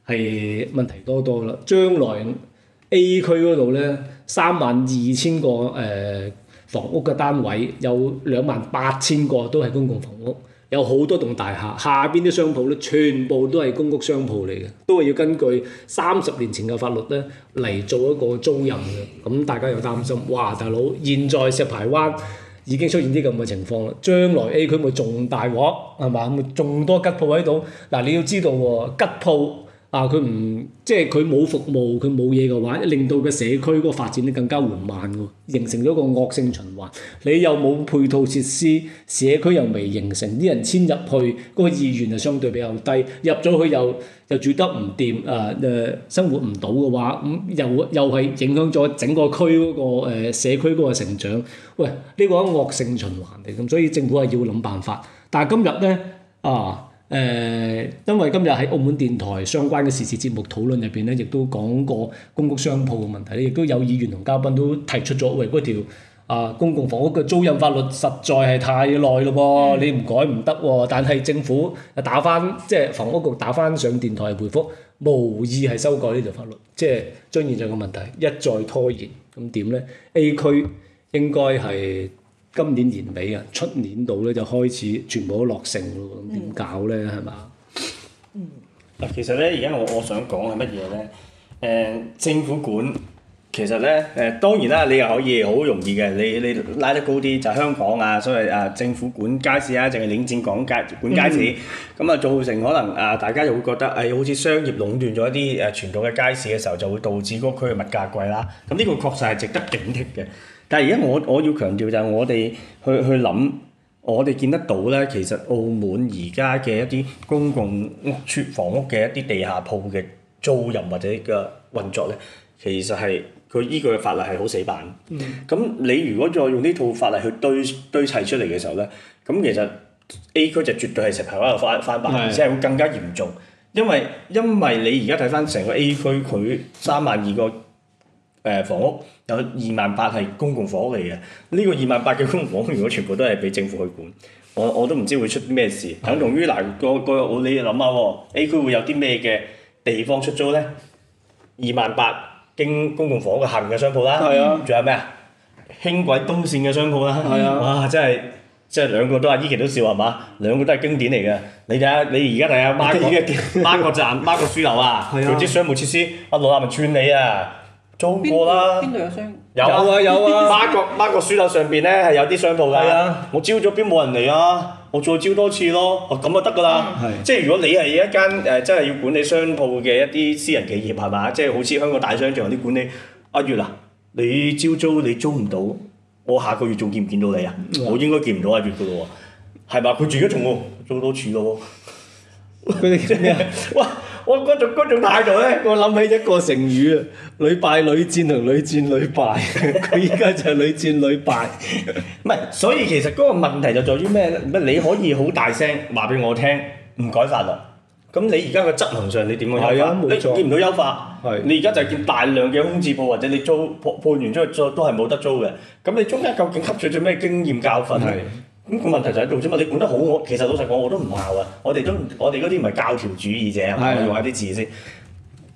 係問題多多啦。將來 A 區嗰度咧。三萬二千個誒、呃、房屋嘅單位，有兩萬八千個都係公共房屋，有好多棟大廈下邊啲商鋪咧，全部都係公屋商鋪嚟嘅，都係要根據三十年前嘅法律咧嚟做一個租賃嘅，咁、嗯、大家又擔心，哇大佬，現在石排灣已經出現啲咁嘅情況啦，將來 A 區咪仲大鑊係嘛？咪仲多吉鋪喺度，嗱你要知道喎吉鋪。啊！佢唔即係佢冇服務，佢冇嘢嘅話，令到個社區嗰個發展咧更加緩慢，形成咗一個惡性循環。你又冇配套設施，社區又未形成，啲人遷入去，個意願就相對比較低。入咗去又又住得唔掂，啊誒、呃，生活唔到嘅話，咁、嗯、又又係影響咗整個區嗰、嗰個誒、呃、社區嗰個成長。喂，呢個惡性循環嚟，咁所以政府係要諗辦法。但係今日咧，啊！誒，因為今日喺澳門電台相關嘅時事節目討論入邊咧，亦都講過公屋商鋪嘅問題，亦都有議員同嘉賓都提出咗，喂，嗰條啊公共房屋嘅租賃法律實在係太耐咯喎，嗯、你唔改唔得喎，但係政府打翻，即係房屋局打翻上電台回覆，無意係修改呢條法律，即係將現在嘅問題一再拖延，咁點咧？A 區應該係。今年年尾啊，出年度咧就開始全部都落成咯，點、嗯、搞咧係嘛？嗱，其實咧，而家我我想講係乜嘢咧？誒、嗯，政府管其實咧，誒當然啦，你又可以好容易嘅，你你拉得高啲，就是、香港啊，所謂誒政府管街市啊，淨係領展港街管街市，咁啊、嗯、造成可能啊大家就會覺得誒好似商業壟斷咗一啲誒傳統嘅街市嘅時候，就會導致嗰區嘅物價貴啦。咁呢個確實係值得警惕嘅。但係而家我我要強調就係我哋去去諗，我哋見得到咧，其實澳門而家嘅一啲公共屋邨房屋嘅一啲地下鋪嘅租賃或者嘅運作咧，其實係佢依據嘅法例係好死板。嗯。咁你如果再用呢套法例去堆堆砌出嚟嘅時候咧，咁其實 A 區就絕對係石排灣嘅翻翻版，而且係會更加嚴重，是的 因為因為你而家睇翻成個 A 區佢三萬二個。誒房屋有二萬八係公共房屋嚟嘅，呢、這個二萬八嘅公共房屋如果全部都係俾政府去管，我我都唔知會出啲咩事。等同於嗱個個，你諗下喎，A 區會有啲咩嘅地方出租呢？二萬八經公共房屋行嘅商鋪啦，仲有咩啊？輕軌東線嘅商鋪啦，哇！真係，即係兩個都阿依琪都笑係嘛、嗯？兩個都係經典嚟嘅。你睇下，你而家睇下孖個孖個站孖個書樓啊！仲有商務設施，阿羅南咪串你啊！租過啦，邊度有商有、啊？有啊有啊，孖個孖個書樓上邊咧係有啲商鋪㗎、啊。啊、我招咗邊冇人嚟啊？我再招多次咯。咁、啊、就得㗎啦。是即係如果你係一間誒、呃，真係要管理商鋪嘅一啲私人企業係嘛？即係好似香港大商場啲管理。阿、啊、月啊，你招租你租唔到，我下個月仲見唔見到你啊？啊我應該見唔到阿、啊、月㗎咯喎，係嘛？佢自己仲喎，租多次咯。佢哋咩？哇！ [laughs] [laughs] 我嗰種嗰種態度咧，我諗起一個成語啊，屢敗屢戰同屢戰屢敗，佢依家就係屢戰屢敗。唔係， [laughs] 所以其實嗰個問題就在於咩咧？你可以好大聲話畀我聽，唔改法律。咁你而家嘅執行上你點啊？哎，冇錯，你見唔到優化。的你而家就係見大量嘅空置鋪，或者你租鋪判完出去都係冇得租嘅。咁你中間究竟吸取咗咩經驗教訓？咁個問題就喺度啫嘛！你管得好我，其實老實講我都唔鬧啊。我哋都我哋嗰啲唔係教條主義者是啊，我用一啲字先，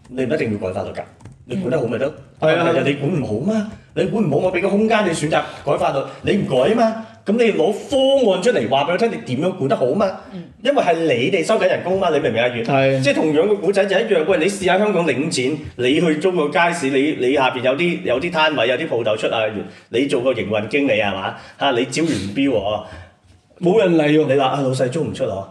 你唔一定要改法律㗎。你管得好咪得，係是啊，啊！你管唔好嘛，你管唔好我俾個空間你選擇改法律。你唔改啊嘛。咁你攞方案出嚟話俾佢聽，你點樣管得好嘛？嗯、因為係你哋收緊人工嘛，你明唔明是啊？月，係即係同樣個古仔就一樣。喂，你試下香港領展，你去租個街市，你你下邊有啲有啲攤位，有啲鋪頭出啊。月，你做個營運經理係嘛？嚇你招完標啊！ [laughs] [laughs] 冇人嚟喎，你話啊老細租唔出嗬，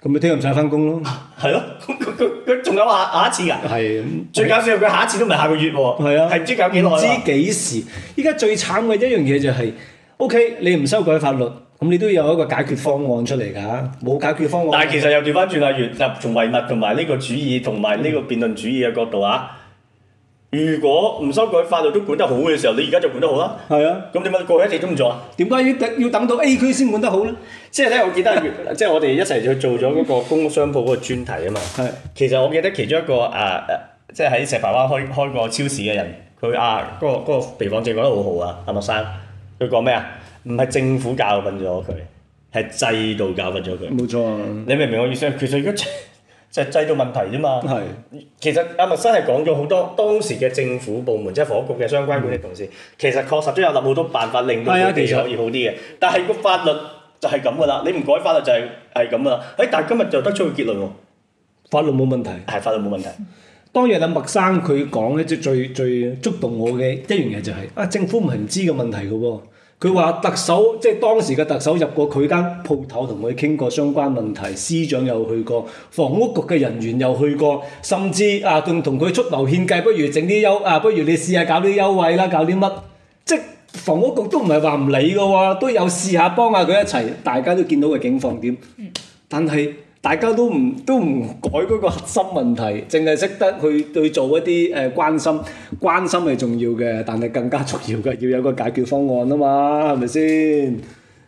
咁咪聽日唔使返工咯。係咯， [laughs] 佢仲有下一次㗎。係啊是，最搞笑佢下一次都唔係下個月喎。係啊，係唔知搞幾耐啊？唔知幾時？依家 [laughs] 最慘嘅一樣嘢就係、是、，OK 你唔修改法律，咁你都要有一個解決方案出嚟㗎。冇解決方案。但其實又調翻轉啊，原嚟從唯物同埋呢個主義同埋呢個辯論主義嘅角度啊。嗯如果唔修改法律都管得好嘅時候，你而家就管得好啦。係是啊，咁點解過去一直都唔做啊？點解要等到 A 區先管得好呢？即係呢，我記得，即係我哋一齊去做咗嗰個工商鋪嗰個專題啊嘛。係。是啊、其實我記得其中一個啊，即係喺石排灣開開過超市嘅人，佢啊嗰、那個地方長講得好好啊，阿、啊、麥生。佢講咩啊？唔係政府教訓咗佢，係制度教訓咗佢。冇錯、啊。你明唔明我意思？其實就係制度問題啫嘛，其實阿、啊、麥生係講咗好多當時嘅政府部門即係房屋局嘅相關管理同事，嗯、其實確實都有諗好多辦法令到佢哋可以好啲嘅，但係個法律就係咁噶啦，你唔改法律就係係咁噶啦，但係今日就得出個結論喎，法律冇問題係法律冇問題。 [laughs] 當然阿麥生佢講呢隻最最觸動我嘅一樣嘢就係、是、啊政府唔係唔知個問題㗎喎。佢話特首即係當時嘅特首入過佢間鋪頭，同佢傾過相關問題。司長又去過，房屋局嘅人員又去過，甚至啊仲同佢出謀獻計，不如整啲優啊，不如你試下搞啲優惠啦，搞啲乜，即係房屋局都唔係話唔理㗎喎，都有試下幫下佢一齊，大家都見到嘅景況點。嗯、但係。大家都唔都唔改嗰個核心問題，淨係識得去去做一啲誒、呃、關心，關心係重要嘅，但係更加重要嘅要有個解決方案啊嘛，係咪先？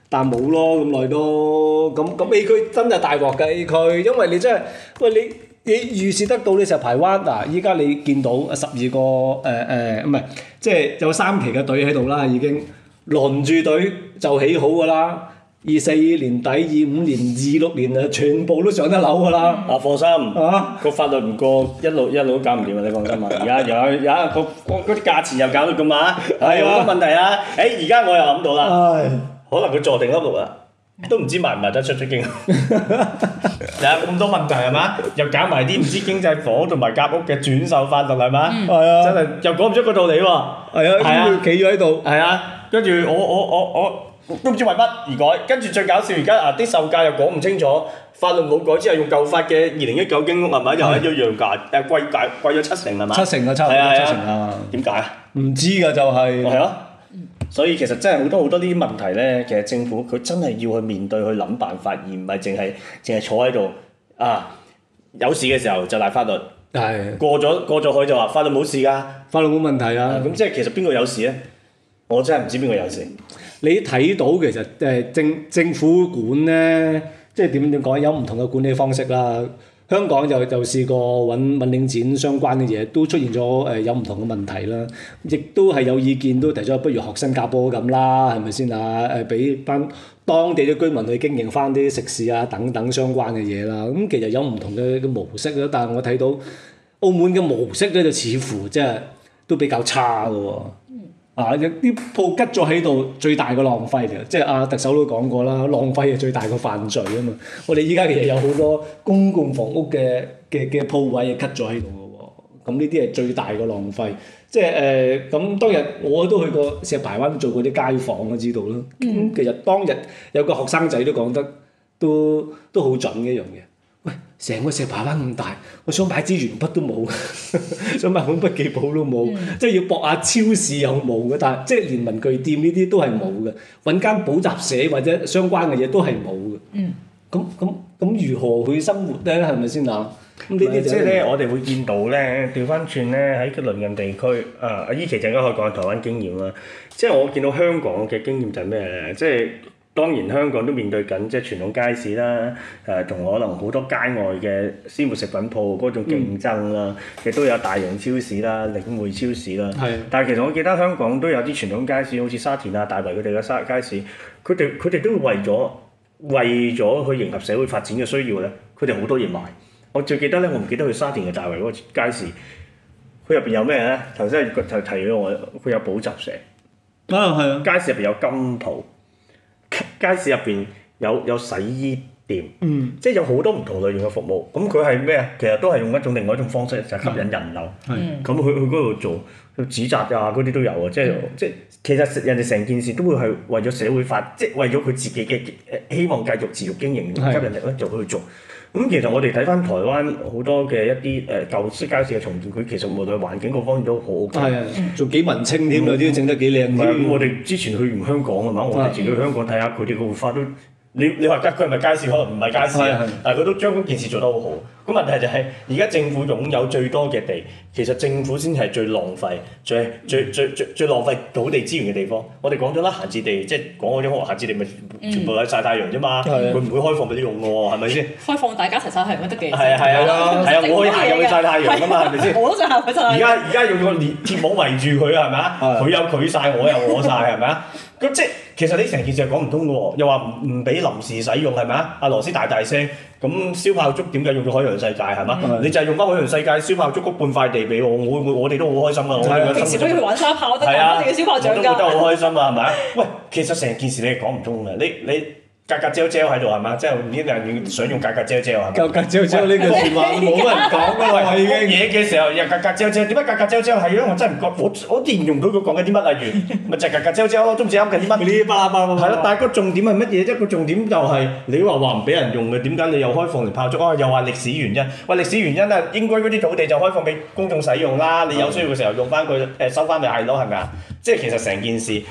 但冇咯咁耐都咁咁，A 區真係大鑊嘅 A 區，因為你真係喂你你,你預示得到你石排灣嗱，依家你見到十二個誒誒唔係，即係有三期嘅隊喺度啦，已經輪住隊就起好噶啦。二四年底、二五年、二六年啊，全部都上得樓㗎啦！啊，放心，個法律唔過，一路一路都搞唔掂！你放心，而家，又又，個個嗰啲價錢又搞到咁啊！係好多問題啊！唉，而家我又諗到啦，可能佢坐定咗度啊，都唔知賣唔賣得出出境。又有咁多問題係嘛？又搞埋啲唔知經濟房同埋夾屋嘅轉售法律係嘛？係啊，真係又講唔出個道理喎！係啊，企咗喺度。係啊，跟住我我我我。都唔知為乜而改，跟住最搞笑而家啊啲售價又講唔清楚，法律冇改之後用舊法嘅二零一九經屋係咪又係一樣價？但係貴價貴咗七成係咪？七成啊，的的七成啊，七成啊！點解？唔知㗎就係、是。係咯、哦，所以其實真係好多好多呢啲問題咧，其實政府佢真係要去面對去諗辦法，而唔係淨係淨係坐喺度啊，有事嘅時候就賴的法律，過咗過咗去就話法律冇事㗎，法律冇問題啊。咁、嗯、即係其實邊個有事咧？ [music] 我真係唔知邊個有事。 [music] [music] 你睇到其實誒政政府管咧，即係點點講，有唔同嘅管理方式啦。香港就就試過揾揾領展相關嘅嘢，都出現咗誒、呃、有唔同嘅問題啦。亦都係有意見都提出，不如學新加坡咁啦，係咪先啊？誒，俾翻當地嘅居民去經營翻啲食肆啊等等相關嘅嘢啦。咁其實有唔同嘅模式啦，但係我睇到澳門嘅模式咧就似乎即、就、係、是、都比較差嘅喎、啊。啊！啲鋪吉咗喺度，最大嘅浪費嚟啊！即係阿特首都講過啦，浪費係最大嘅犯罪啊嘛！我哋依家其實有好多公共房屋嘅嘅嘅鋪位啊，吉咗喺度㗎喎。咁呢啲係最大嘅浪費。即係誒咁當日我都去過石排灣做過啲街訪，我知道啦。嗯。其實當日有個學生仔都講得都都好準嘅一樣嘢。成個石排灣咁大，我想買支鉛筆都冇， [laughs] 想買本筆記簿都冇，嗯、即係要搏下超市又有冇嘅，但係即係連文具店呢啲都係冇嘅，揾間補習社或者相關嘅嘢都係冇嘅。嗯，咁咁咁如何去生活咧？係咪先啊？咁呢啲即係咧，我哋會見到咧，調翻轉咧，喺啲鄰近地區，阿、啊、依期陣間可以講下台灣經驗啦。即係我見到香港嘅經驗就係咩咧？即係。當然香港都面對緊即係傳統街市啦，誒、呃、同可能好多街外嘅鮮活食品鋪嗰種競爭啦，亦、嗯、都有大型超市啦、領匯超市啦。係。但係其實我記得香港都有啲傳統街市，好似沙田啊、大圍佢哋嘅沙街市，佢哋佢哋都為咗為咗去迎合社會發展嘅需要咧，佢哋好多嘢賣。我最記得咧，我唔記得去沙田嘅大圍嗰個街市，佢入邊有咩咧？頭先提提咗我，佢有補習社。啊，係啊。街市入邊有金鋪。街市入邊有有洗衣店，嗯、即係有好多唔同類型嘅服務。咁佢係咩啊？其實都係用一種另外一種方式，就係、吸引人流。咁佢、嗯、去嗰度做。去指責啊，嗰啲都有啊，即係即係其實人哋成件事都會係為咗社會法，即、就、係、係、為咗佢自己嘅希望繼續持續經營嘅吸引力咧，是就會去做。咁其實我哋睇翻台灣好多嘅一啲誒舊式街市嘅重建，佢其實無論環境各方面都好。係啊，仲、嗯、幾文青添啊，啲整、嗯、得幾靚添、嗯嗯嗯。我哋之前去完香港啊嘛，我哋前去香港睇下佢哋嘅活法都。你你話佢係咪街市？可能唔係街市，啊，但係佢都將件事做得好好。咁問題就係，而家政府擁有最多嘅地，其實政府先係最浪費、最最最最浪費土地資源嘅地方。我哋講咗啦，閒置地即係講嗰種閒置地，咪全部係曬太陽啫嘛，佢唔會開放俾你用嘅喎，係咪先？開放大家一齊曬係唔得嘅，係啊係啊，係啊！我可以行入去曬太陽啊嘛，係咪先？我都想喺度曬。而家而家用個鐵鐵網圍住佢係咪啊？佢有佢曬我有我曬，係咪啊？咁即係其實你成件事係講唔通嘅喎，又話唔唔俾臨時使用係咪啊？阿羅斯大大聲，咁燒炮竹點解用咗海洋世界係嘛？係咪 mm hmm. 你就係用返海洋世界燒炮竹，攞半塊地俾我，我我哋都好開心㗎、mm hmm.，我哋平時都要玩沙炮，我得咁多嘅燒炮仗㗎。我都覺得好開心啊，係咪啊？喂，其實成件事你講唔通嘅，你你。格格啫啫喺度係嘛？即係唔知啲人想用格格啫啫係嘛。格格啫啫呢句話喂 [laughs] 說話冇乜人講噶啦，已經嘢嘅時候又格格啫啫，點解格格啫啫？係啊，我真係唔覺 [laughs] 我我自然用到佢講緊啲乜例如，咪 [laughs] 就格格啫啫咯，都唔知噏緊啲乜。呢巴啦巴啦。係咯， [laughs] 但係個重點係乜嘢啫？個重點就係、是、你話話唔俾人用嘅，點解你又開放嚟炮竹啊？又話歷史原因，喂歷史原因啊，應該嗰啲土地就開放俾公眾使用啦。你有需要嘅時候用翻佢，收翻咪係咯，係咪啊？即係其實成件事誒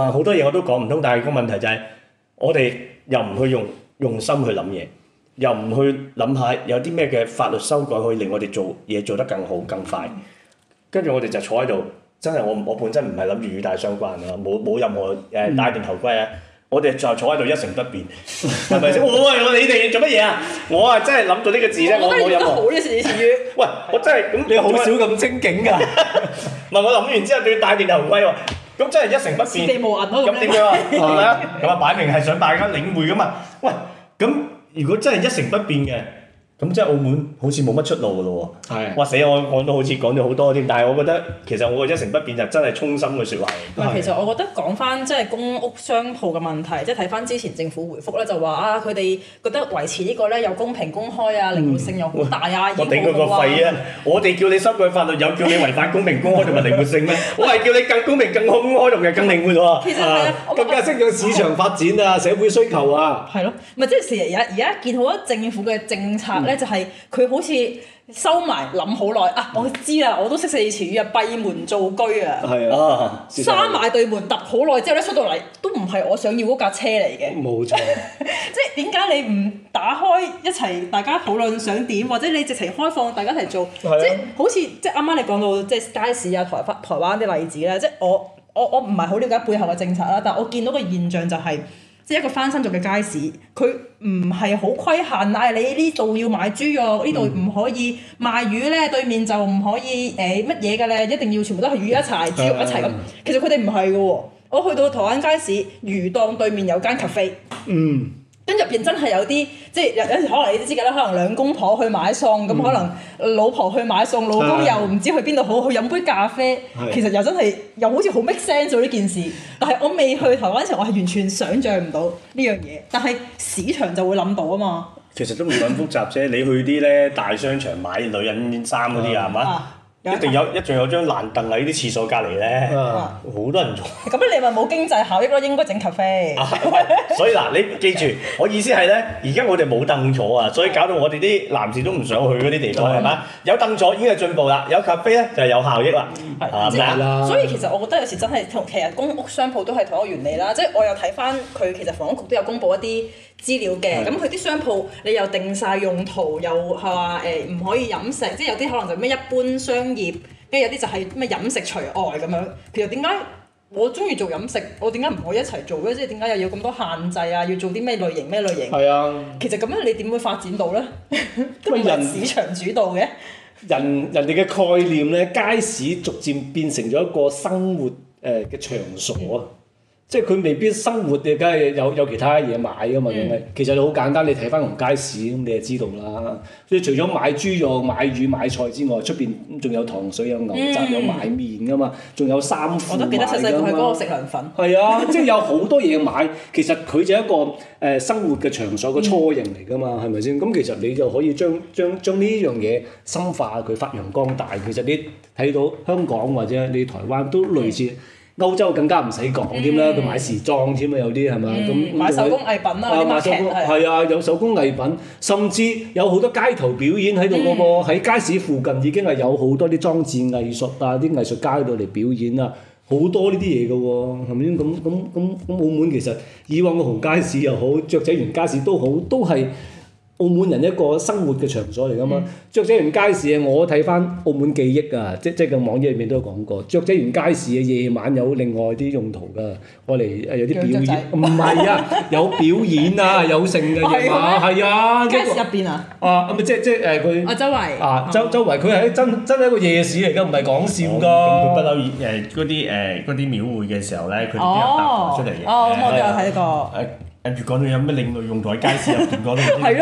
啊好多嘢我都講唔通，但係個問題就係。我哋又唔去用用心去諗嘢，又唔去諗下有啲咩嘅法律修改可以令我哋做嘢做得更好更快。跟住我哋就坐喺度，真係我我本身唔係諗住與大相關㗎，冇冇任何誒戴定頭盔啊！嗯、我哋就坐喺度一成不變，係咪先？我話你哋做乜嘢啊？我係真係諗到呢個字啫， [laughs] 我冇任何。我覺得可嘅。 [laughs] 喂，我真係咁你好少咁精警㗎，唔係我諗完之後仲要戴定頭盔喎。咁 [noise] 真係一成不變，咁 [noise] 點 [laughs] [laughs] 樣啊？係、嗯、擺、嗯、明係想大家領會㗎嘛？喂，咁如果真係一成不變嘅？咁即係澳門好似冇乜出路㗎咯喎！係的，哇死我講到好似講咗好多添，但係我覺得其實我一成不變就真係衷心嘅説話嚟。的其實我覺得講翻即係公屋商鋪嘅問題，即係睇翻之前政府回覆咧，就話啊，佢哋覺得維持呢個咧有公平公開啊，靈活性又大、嗯、好大啊，我頂佢個肺啊！我哋叫你修改法律，有叫你違反公平公開同埋靈活性咩？ [laughs] 我係叫你更公平、更公開同埋更靈活喎。啊、其實係、啊、不更加適應市場發展啊，不社會需求啊。係咯，咪即係成日而家見好多政府嘅政策、嗯。咧就係佢好似收埋諗好耐啊！我知啦，我都識四字詞語啊，閉門造車啊，係啊，閂埋對門揼好耐之後咧，出到嚟都唔係我想要嗰架車嚟嘅，冇錯。 [laughs] 即係點解你唔打開一齊大家討論想點，或者你直情開放大家一齊做？啊、即係好似即係啱啱你講到即係街市啊、台灣、台灣啲例子咧，即係我我我唔係好了解背後嘅政策啦，但係我見到個現象就係、是。即係一個翻新做嘅街市，佢唔係好規限，誒你呢度要賣豬肉，呢度唔可以、嗯、賣魚咧，對面就唔可以誒乜嘢㗎咧，一定要全部都係魚一齊、豬肉一齊咁。嗯、其實佢哋唔係嘅喎，我去到台灣街市魚檔對面有間咖啡。嗯。跟住入邊真係有啲，即係有有時可能你都知㗎啦，可能兩公婆去買餸，咁、嗯、可能老婆去買餸，老公又唔知去邊度好，去飲杯咖啡，嗯、其實又真係又好似好 make sense 做呢件事。但係我未去台灣嘅時候，我係完全想像唔到呢樣嘢。但係市場就會諗到啊嘛。其實都唔咁複雜啫， [laughs] 你去啲咧大商場買女人衫嗰啲啊，係嘛？一定有，有一仲有張爛凳喺呢啲廁所隔離咧，好、啊、多人坐，咁、啊、你咪冇經濟效益咯，應該整咖啡。 [laughs] 所以嗱，你記住，我意思係咧，而家我哋冇凳坐啊，所以搞到我哋啲男士都唔想去嗰啲地方，係咪、嗯？吧有凳坐已經係進步啦，有咖啡咧就係有效益啦。啱啦、嗯。啊、所以其實我覺得有時真係同其實公屋商鋪都係同一原理啦。即、就、係、是、我又睇翻佢其實房屋局都有公布一啲。資料嘅，咁佢啲商鋪你又定晒用途，又係話誒唔可以飲食，即係有啲可能就咩一般商業，跟住有啲就係咩飲食除外咁樣。其實點解我鍾意做飲食，我點解唔可以一齊做咧？即係點解又要咁多限制啊？要做啲咩類型咩類型？係啊，的其實咁樣你點會發展到咧？ [laughs] 都唔係市場主導嘅。人人哋嘅概念咧，街市逐漸變成咗一個生活誒嘅場所啊。嗯即係佢未必生活，你梗係有有其他嘢買噶嘛？咁啊、嗯，其實你好簡單，你睇翻個街市咁，你就知道啦。所以除咗買豬肉、買魚、買菜之外，出邊仲有糖水、有牛雜、嗯、有買麵噶嘛？仲有衫褲買噶嘛？我都記得細細個喺嗰個食涼粉。係啊， [laughs] 即係有好多嘢買。其實佢就一個誒生活嘅場所嘅初型嚟噶嘛，係咪先？咁其實你就可以將將將呢樣嘢深化佢發揚光大。其實你睇到香港或者你台灣都類似、嗯。歐洲更加唔使講添啦，佢、嗯、買時裝添啊，有啲係嘛，咁、嗯、買手工藝品啦，咁啊～係啊的，有手工藝品，甚至有好多街頭表演喺度喎，喺、嗯、街市附近已經係有好多啲裝置藝術啊，啲藝術街度嚟表演啊，好多呢啲嘢噶喎，係咪先？咁咁咁咁，澳門其實以往嘅紅街市又好，雀仔園街市都好，都係。澳門人一個生活嘅場所嚟㗎嘛，雀仔園街市啊！我睇翻澳門記憶啊，即即個網頁入面都有講過，雀仔園街市嘅夜晚有另外啲用途㗎，我嚟誒有啲表演，唔係啊，有表演啊，有性嘅夜晚，係啊，街市入邊啊，啊咁咪即即誒佢啊周圍啊周周圍佢係真真係一個夜市嚟㗎，唔係講笑㗎。咁佢不嬲誒嗰啲誒啲廟會嘅時候咧，佢哋都有搭台出嚟嘅。哦，咁我都有睇過。如果你有咩另類用在街市入邊，講到真話喺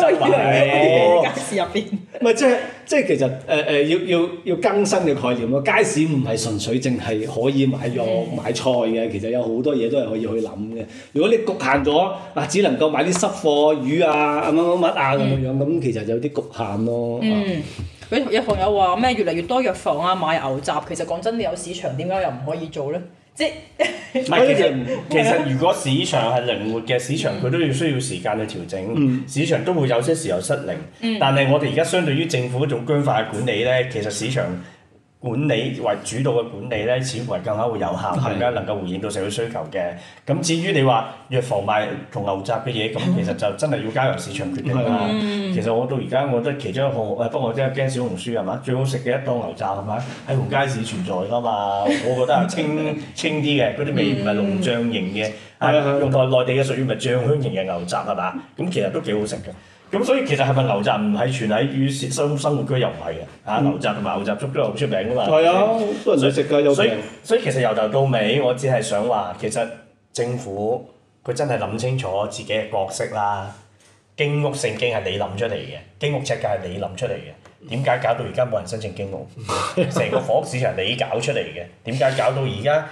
街市入邊，唔係即係即係其實誒誒、呃、要要要更新嘅概念咯。街市唔係純粹淨係可以買肉、嗯、買菜嘅，其實有好多嘢都係可以去諗嘅。如果你局限咗，嗱，只能夠買啲濕貨魚啊、乜乜乜啊咁樣樣，咁其實有啲局限咯。嗯，有、啊、有朋友話咩？越嚟越多藥房啊，買牛雜，其實講真，有市場點解又唔可以做咧？即係， [laughs] 其實其實如果市場係靈活嘅，市場佢都要需要時間去調整，市場都會有些時候失靈。但係我哋而家相對於政府嗰種僵化嘅管理咧，其實市場管理為主導嘅管理咧，似乎係更加會有效的更加能夠回應到社會需求嘅。咁至於你話藥房賣同牛雜嘅嘢，咁其實就真係要交由市場決定啦。嗯、其實我到而家，我覺得其中一項誒，不過我真係驚小紅書係嘛，最好食嘅一檔牛雜係嘛，喺紅街市存在㗎嘛。我覺得係清 [laughs] 清啲嘅，嗰啲味唔係濃醬型嘅，用內內地嘅術語咪醬香型嘅牛雜係嘛？咁其實都幾好食㗎。咁、嗯、所以其實係咪牛雜唔係存喺於市生生活區又唔係嘅嚇？嗯、劉澤牛雜同埋牛雜粥都有好出名噶嘛。係啊，嗯，多人嚟食㗎，所以所以，所以其實由頭到尾，嗯、我只係想話，其實政府佢真係諗清楚自己嘅角色啦。經屋聖經係你諗出嚟嘅，經屋尺價係你諗出嚟嘅。點解搞到而家冇人申請經屋？成 [laughs] 個房屋市場你搞出嚟嘅。點解搞到而家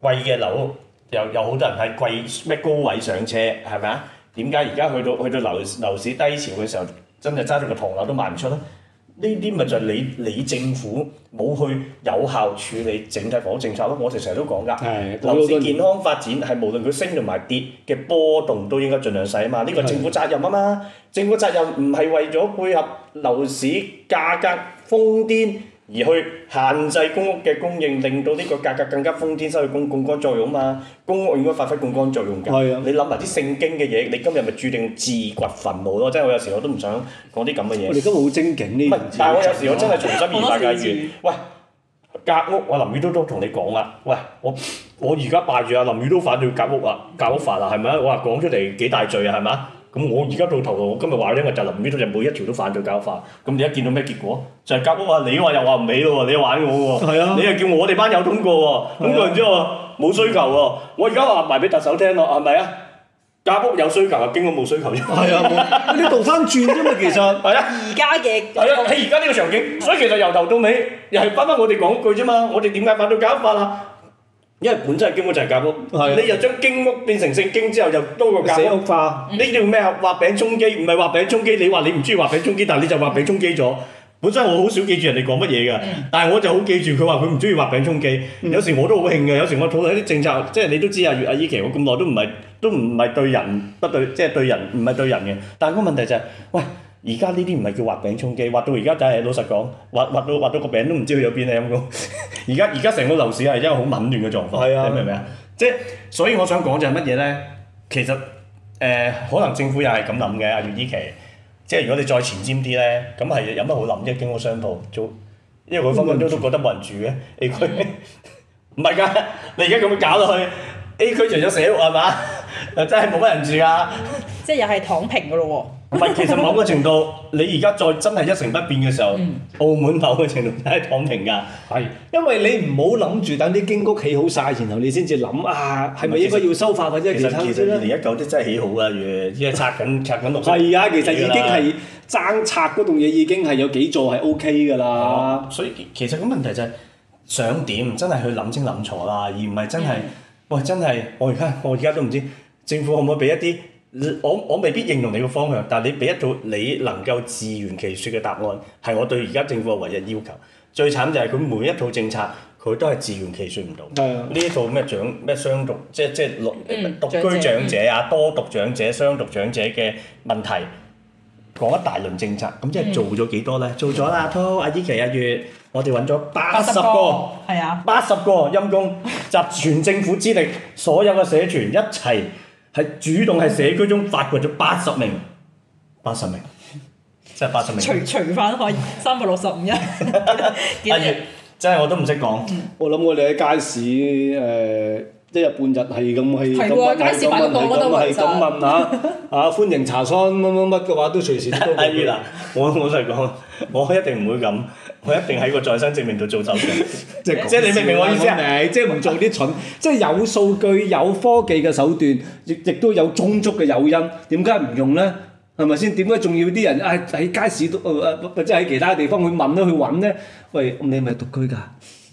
貴嘅樓又有好多人喺貴咩高位上車？係咪啊？點解而家去到去到樓，樓市低潮嘅時候，真係揸住個唐樓都賣唔出呢？呢啲咪就係你你政府冇去有效處理整體房政策咯？我哋成日都講㗎，的樓市健康發展係無論佢升同埋跌嘅波動都應該盡量細啊嘛。呢個係政府責任啊嘛，的政府責任唔係為咗配合樓市價格瘋癲。而去限制公屋嘅供應，令到呢個價格,格更加封天，失去槓桿作用嘛？公屋應該發揮槓桿作用㗎。的你諗埋啲聖經嘅嘢，你今日咪注定自掘墳墓咯！即係我有時都我都唔想講啲咁嘅嘢。我哋都好正經呢。但係我有時我真係從心而發。 [laughs] 喂，隔屋，我林宇都都同你講啦。喂，我我而家拜住阿林宇都反對隔屋啊！隔屋反啊，係咪啊？我話講出嚟幾大罪啊，係嘛？咁我而家到頭頭，我今日話呢，我就臨尾都就每一條都反對夾屋法。咁你一見到咩結果？就係、是、夾屋法啊！你話又話唔尾咯喎，你玩我喎，你又叫我哋班友通過喎，通過完之後冇需求喎。啊、我而家話埋俾特首聽咯，係咪啊？夾屋有需求，經過冇需求啫嘛。係啊，要倒 [laughs] 翻轉啫嘛， [laughs] 其實。係 [laughs] 啊。而家嘅。係 [laughs] 啊，喺而家呢個場景，所以其實由頭到尾又係翻返我哋講一句啫嘛。我哋點解反對夾屋法啊？因為本身係經屋就係舊屋，的你又將經屋變成姓經之後，又多個屋死屋化。呢叫咩啊？畫餅充飢，唔係畫餅充飢。你話你唔中意畫餅充飢，但係你就畫餅充飢咗。本身我好少記住人哋講乜嘢㗎，但係我就好記住佢話佢唔中意畫餅充飢。嗯。有時我都好慶㗎，有時我討論啲政策，即係你都知道阿阿依琪，我咁耐都唔係都唔係對人不對，即係對人唔係對人嘅。但係個問題就係，喂。而家呢啲唔係叫畫餅充飢，畫到而家就係老實講，畫畫到畫到個餅都唔知佢有邊咧咁講。而家而家成個樓市係一個好紊亂嘅狀況，是的 你明唔明啊？即係所以我想講就係乜嘢咧？其實誒、呃，可能政府又係咁諗嘅，阿袁依琪，即係如果你再前瞻啲咧，咁係有乜好諗啫？經過商鋪租，因為佢分分鐘都覺得冇人住嘅 [laughs] A 區。唔係噶，你而家咁樣搞落去，A 區除咗寫屋係嘛？真係冇乜人住啊！ [laughs] 即係又係躺平嘅咯喎。 [laughs] 其實某個程度，你而家再真係一成不變嘅時候，嗯、澳門某個程度真係躺平㗎。係是，因為你唔好諗住等啲經屋起好晒，然後你先至諗啊，係咪應該要修法或者其他嗰啲，其實二零一九啲真係起好啊，而而家拆緊拆緊六成嘅啦。係啊，其實已經係爭拆嗰棟嘢已經係有幾座係 OK 㗎啦、嗯。所以其實個問題就係想點，真係去諗清諗錯啦，而唔係真係。嗯、喂，真係我而家我而家都唔知政府可唔可以俾一啲。我我未必認同你個方向，但係你俾一套你能夠自圓其説嘅答案，係我對而家政府嘅唯一要求。最慘就係佢每一套政策，佢都係自圓其説唔到。呢、嗯、套咩長咩雙獨，即係即係獨、嗯、居長者啊，多獨長者、雙獨長者嘅問題，講一大輪政策，咁、嗯、即係做咗幾多呢？做咗、嗯啊、阿滔阿啲奇阿月，我哋揾咗八十個，係啊，八十個陰公，集全政府之力，所有嘅社團 [laughs] 一齊。一喺主動喺社區中發掘咗八十名，八十名，即係八十名。除除翻開三百六十五日。跟住 [laughs] 束， [laughs] 真係我都唔識講。嗯、我諗我哋喺街市誒。呃一日半日係咁係咁咁問，唔係咁問嚇嚇，歡迎查詢乜乜乜嘅話都隨時都。例如嗱，我我就係講，我一定唔會咁，我一定喺個在生證明度做手續，即係你明唔明我意思啊？即係唔做啲蠢，即係有數據有科技嘅手段，亦亦都有充足嘅誘因，點解唔用咧？係咪先？點解仲要啲人啊喺街市度誒誒，即係喺其他地方去問咧去揾咧？喂，你係咪獨居㗎？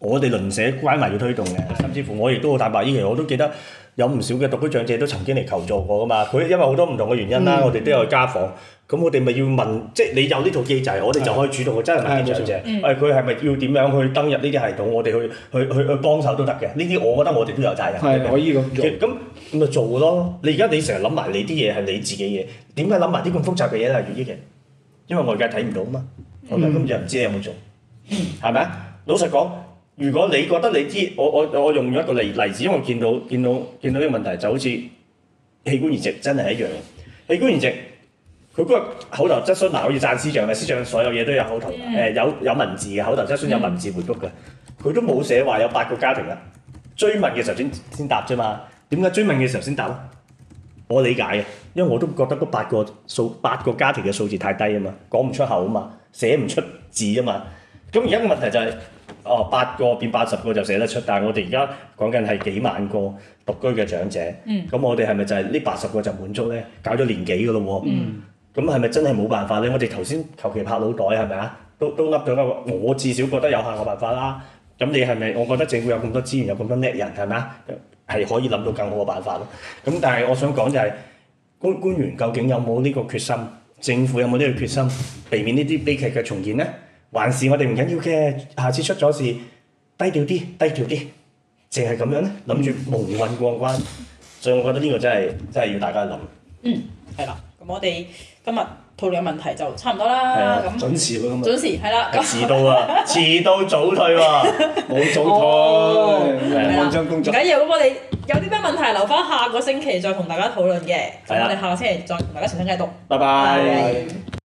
我哋鄰舍關懷要推動嘅，甚至乎我亦都好坦白，依期我都記得有唔少嘅獨居長者都曾經嚟求助過㗎嘛。佢因為好多唔同嘅原因啦，嗯、我哋都有去家訪。咁我哋咪要問，即係你有呢套機制，我哋就可以主動去真係問啲長者，誒佢係咪要點樣去登入呢啲系統？我哋去去去去幫手都得嘅。呢啲我覺得我哋都有責任。係可以咁咁咪做咯。你而家你成日諗埋你啲嘢係你自己嘢，點解諗埋啲咁複雜嘅嘢嚟做依樣？因為外界睇唔到啊嘛，咁、嗯、就唔知你有冇做，係咪啊？老實講。 [laughs] 如果你覺得你知，我我我用咗一個例例子，我見到見到見到呢個問題，就好似器官移植真係一樣嘅。器官移植佢嗰個口頭質詢嗱，好似讚司長嘅司長所有嘢都有口頭誒、嗯呃、有有文字嘅口頭質詢，有文字回覆嘅，佢、嗯、都冇寫話有八個家庭啊。追問嘅時候先先答啫嘛，點解追問嘅時候先答咧？我理解嘅，因為我都覺得八個數八個家庭嘅數字太低啊嘛，講唔出口啊嘛，寫唔出字啊嘛。咁而家個問題就係、是。哦，八個變八十個就寫得出，但係我哋而家講緊係幾萬個獨居嘅長者，咁、嗯、我哋係咪就係呢八十個就滿足咧？搞咗年幾㗎咯喎，咁係咪真係冇辦法咧？我哋頭先求其拍腦袋係咪啊？都都噏咗一個，我至少覺得有限嘅辦法啦。咁你係咪？我覺得政府有咁多資源，有咁多叻人係咪啊？係可以諗到更好嘅辦法咯。咁但係我想講就係、是、官官員究竟有冇呢個決心？政府有冇呢個決心避免呢啲悲劇嘅重現咧？還是我哋唔緊要嘅，下次出咗事，低調啲，低調啲，淨係咁樣咧，諗住蒙混過關，所以我覺得呢個真係真係要大家諗。嗯，係啦，咁我哋今日討論嘅問題就差唔多啦。係啊，準時佢咁準時，係啦。遲到啊！遲到早退喎，冇早退，安裝工作唔緊要。咁我哋有啲咩問題留翻下個星期再同大家討論嘅，咁我哋下個星期再同大家傳新解毒。拜拜。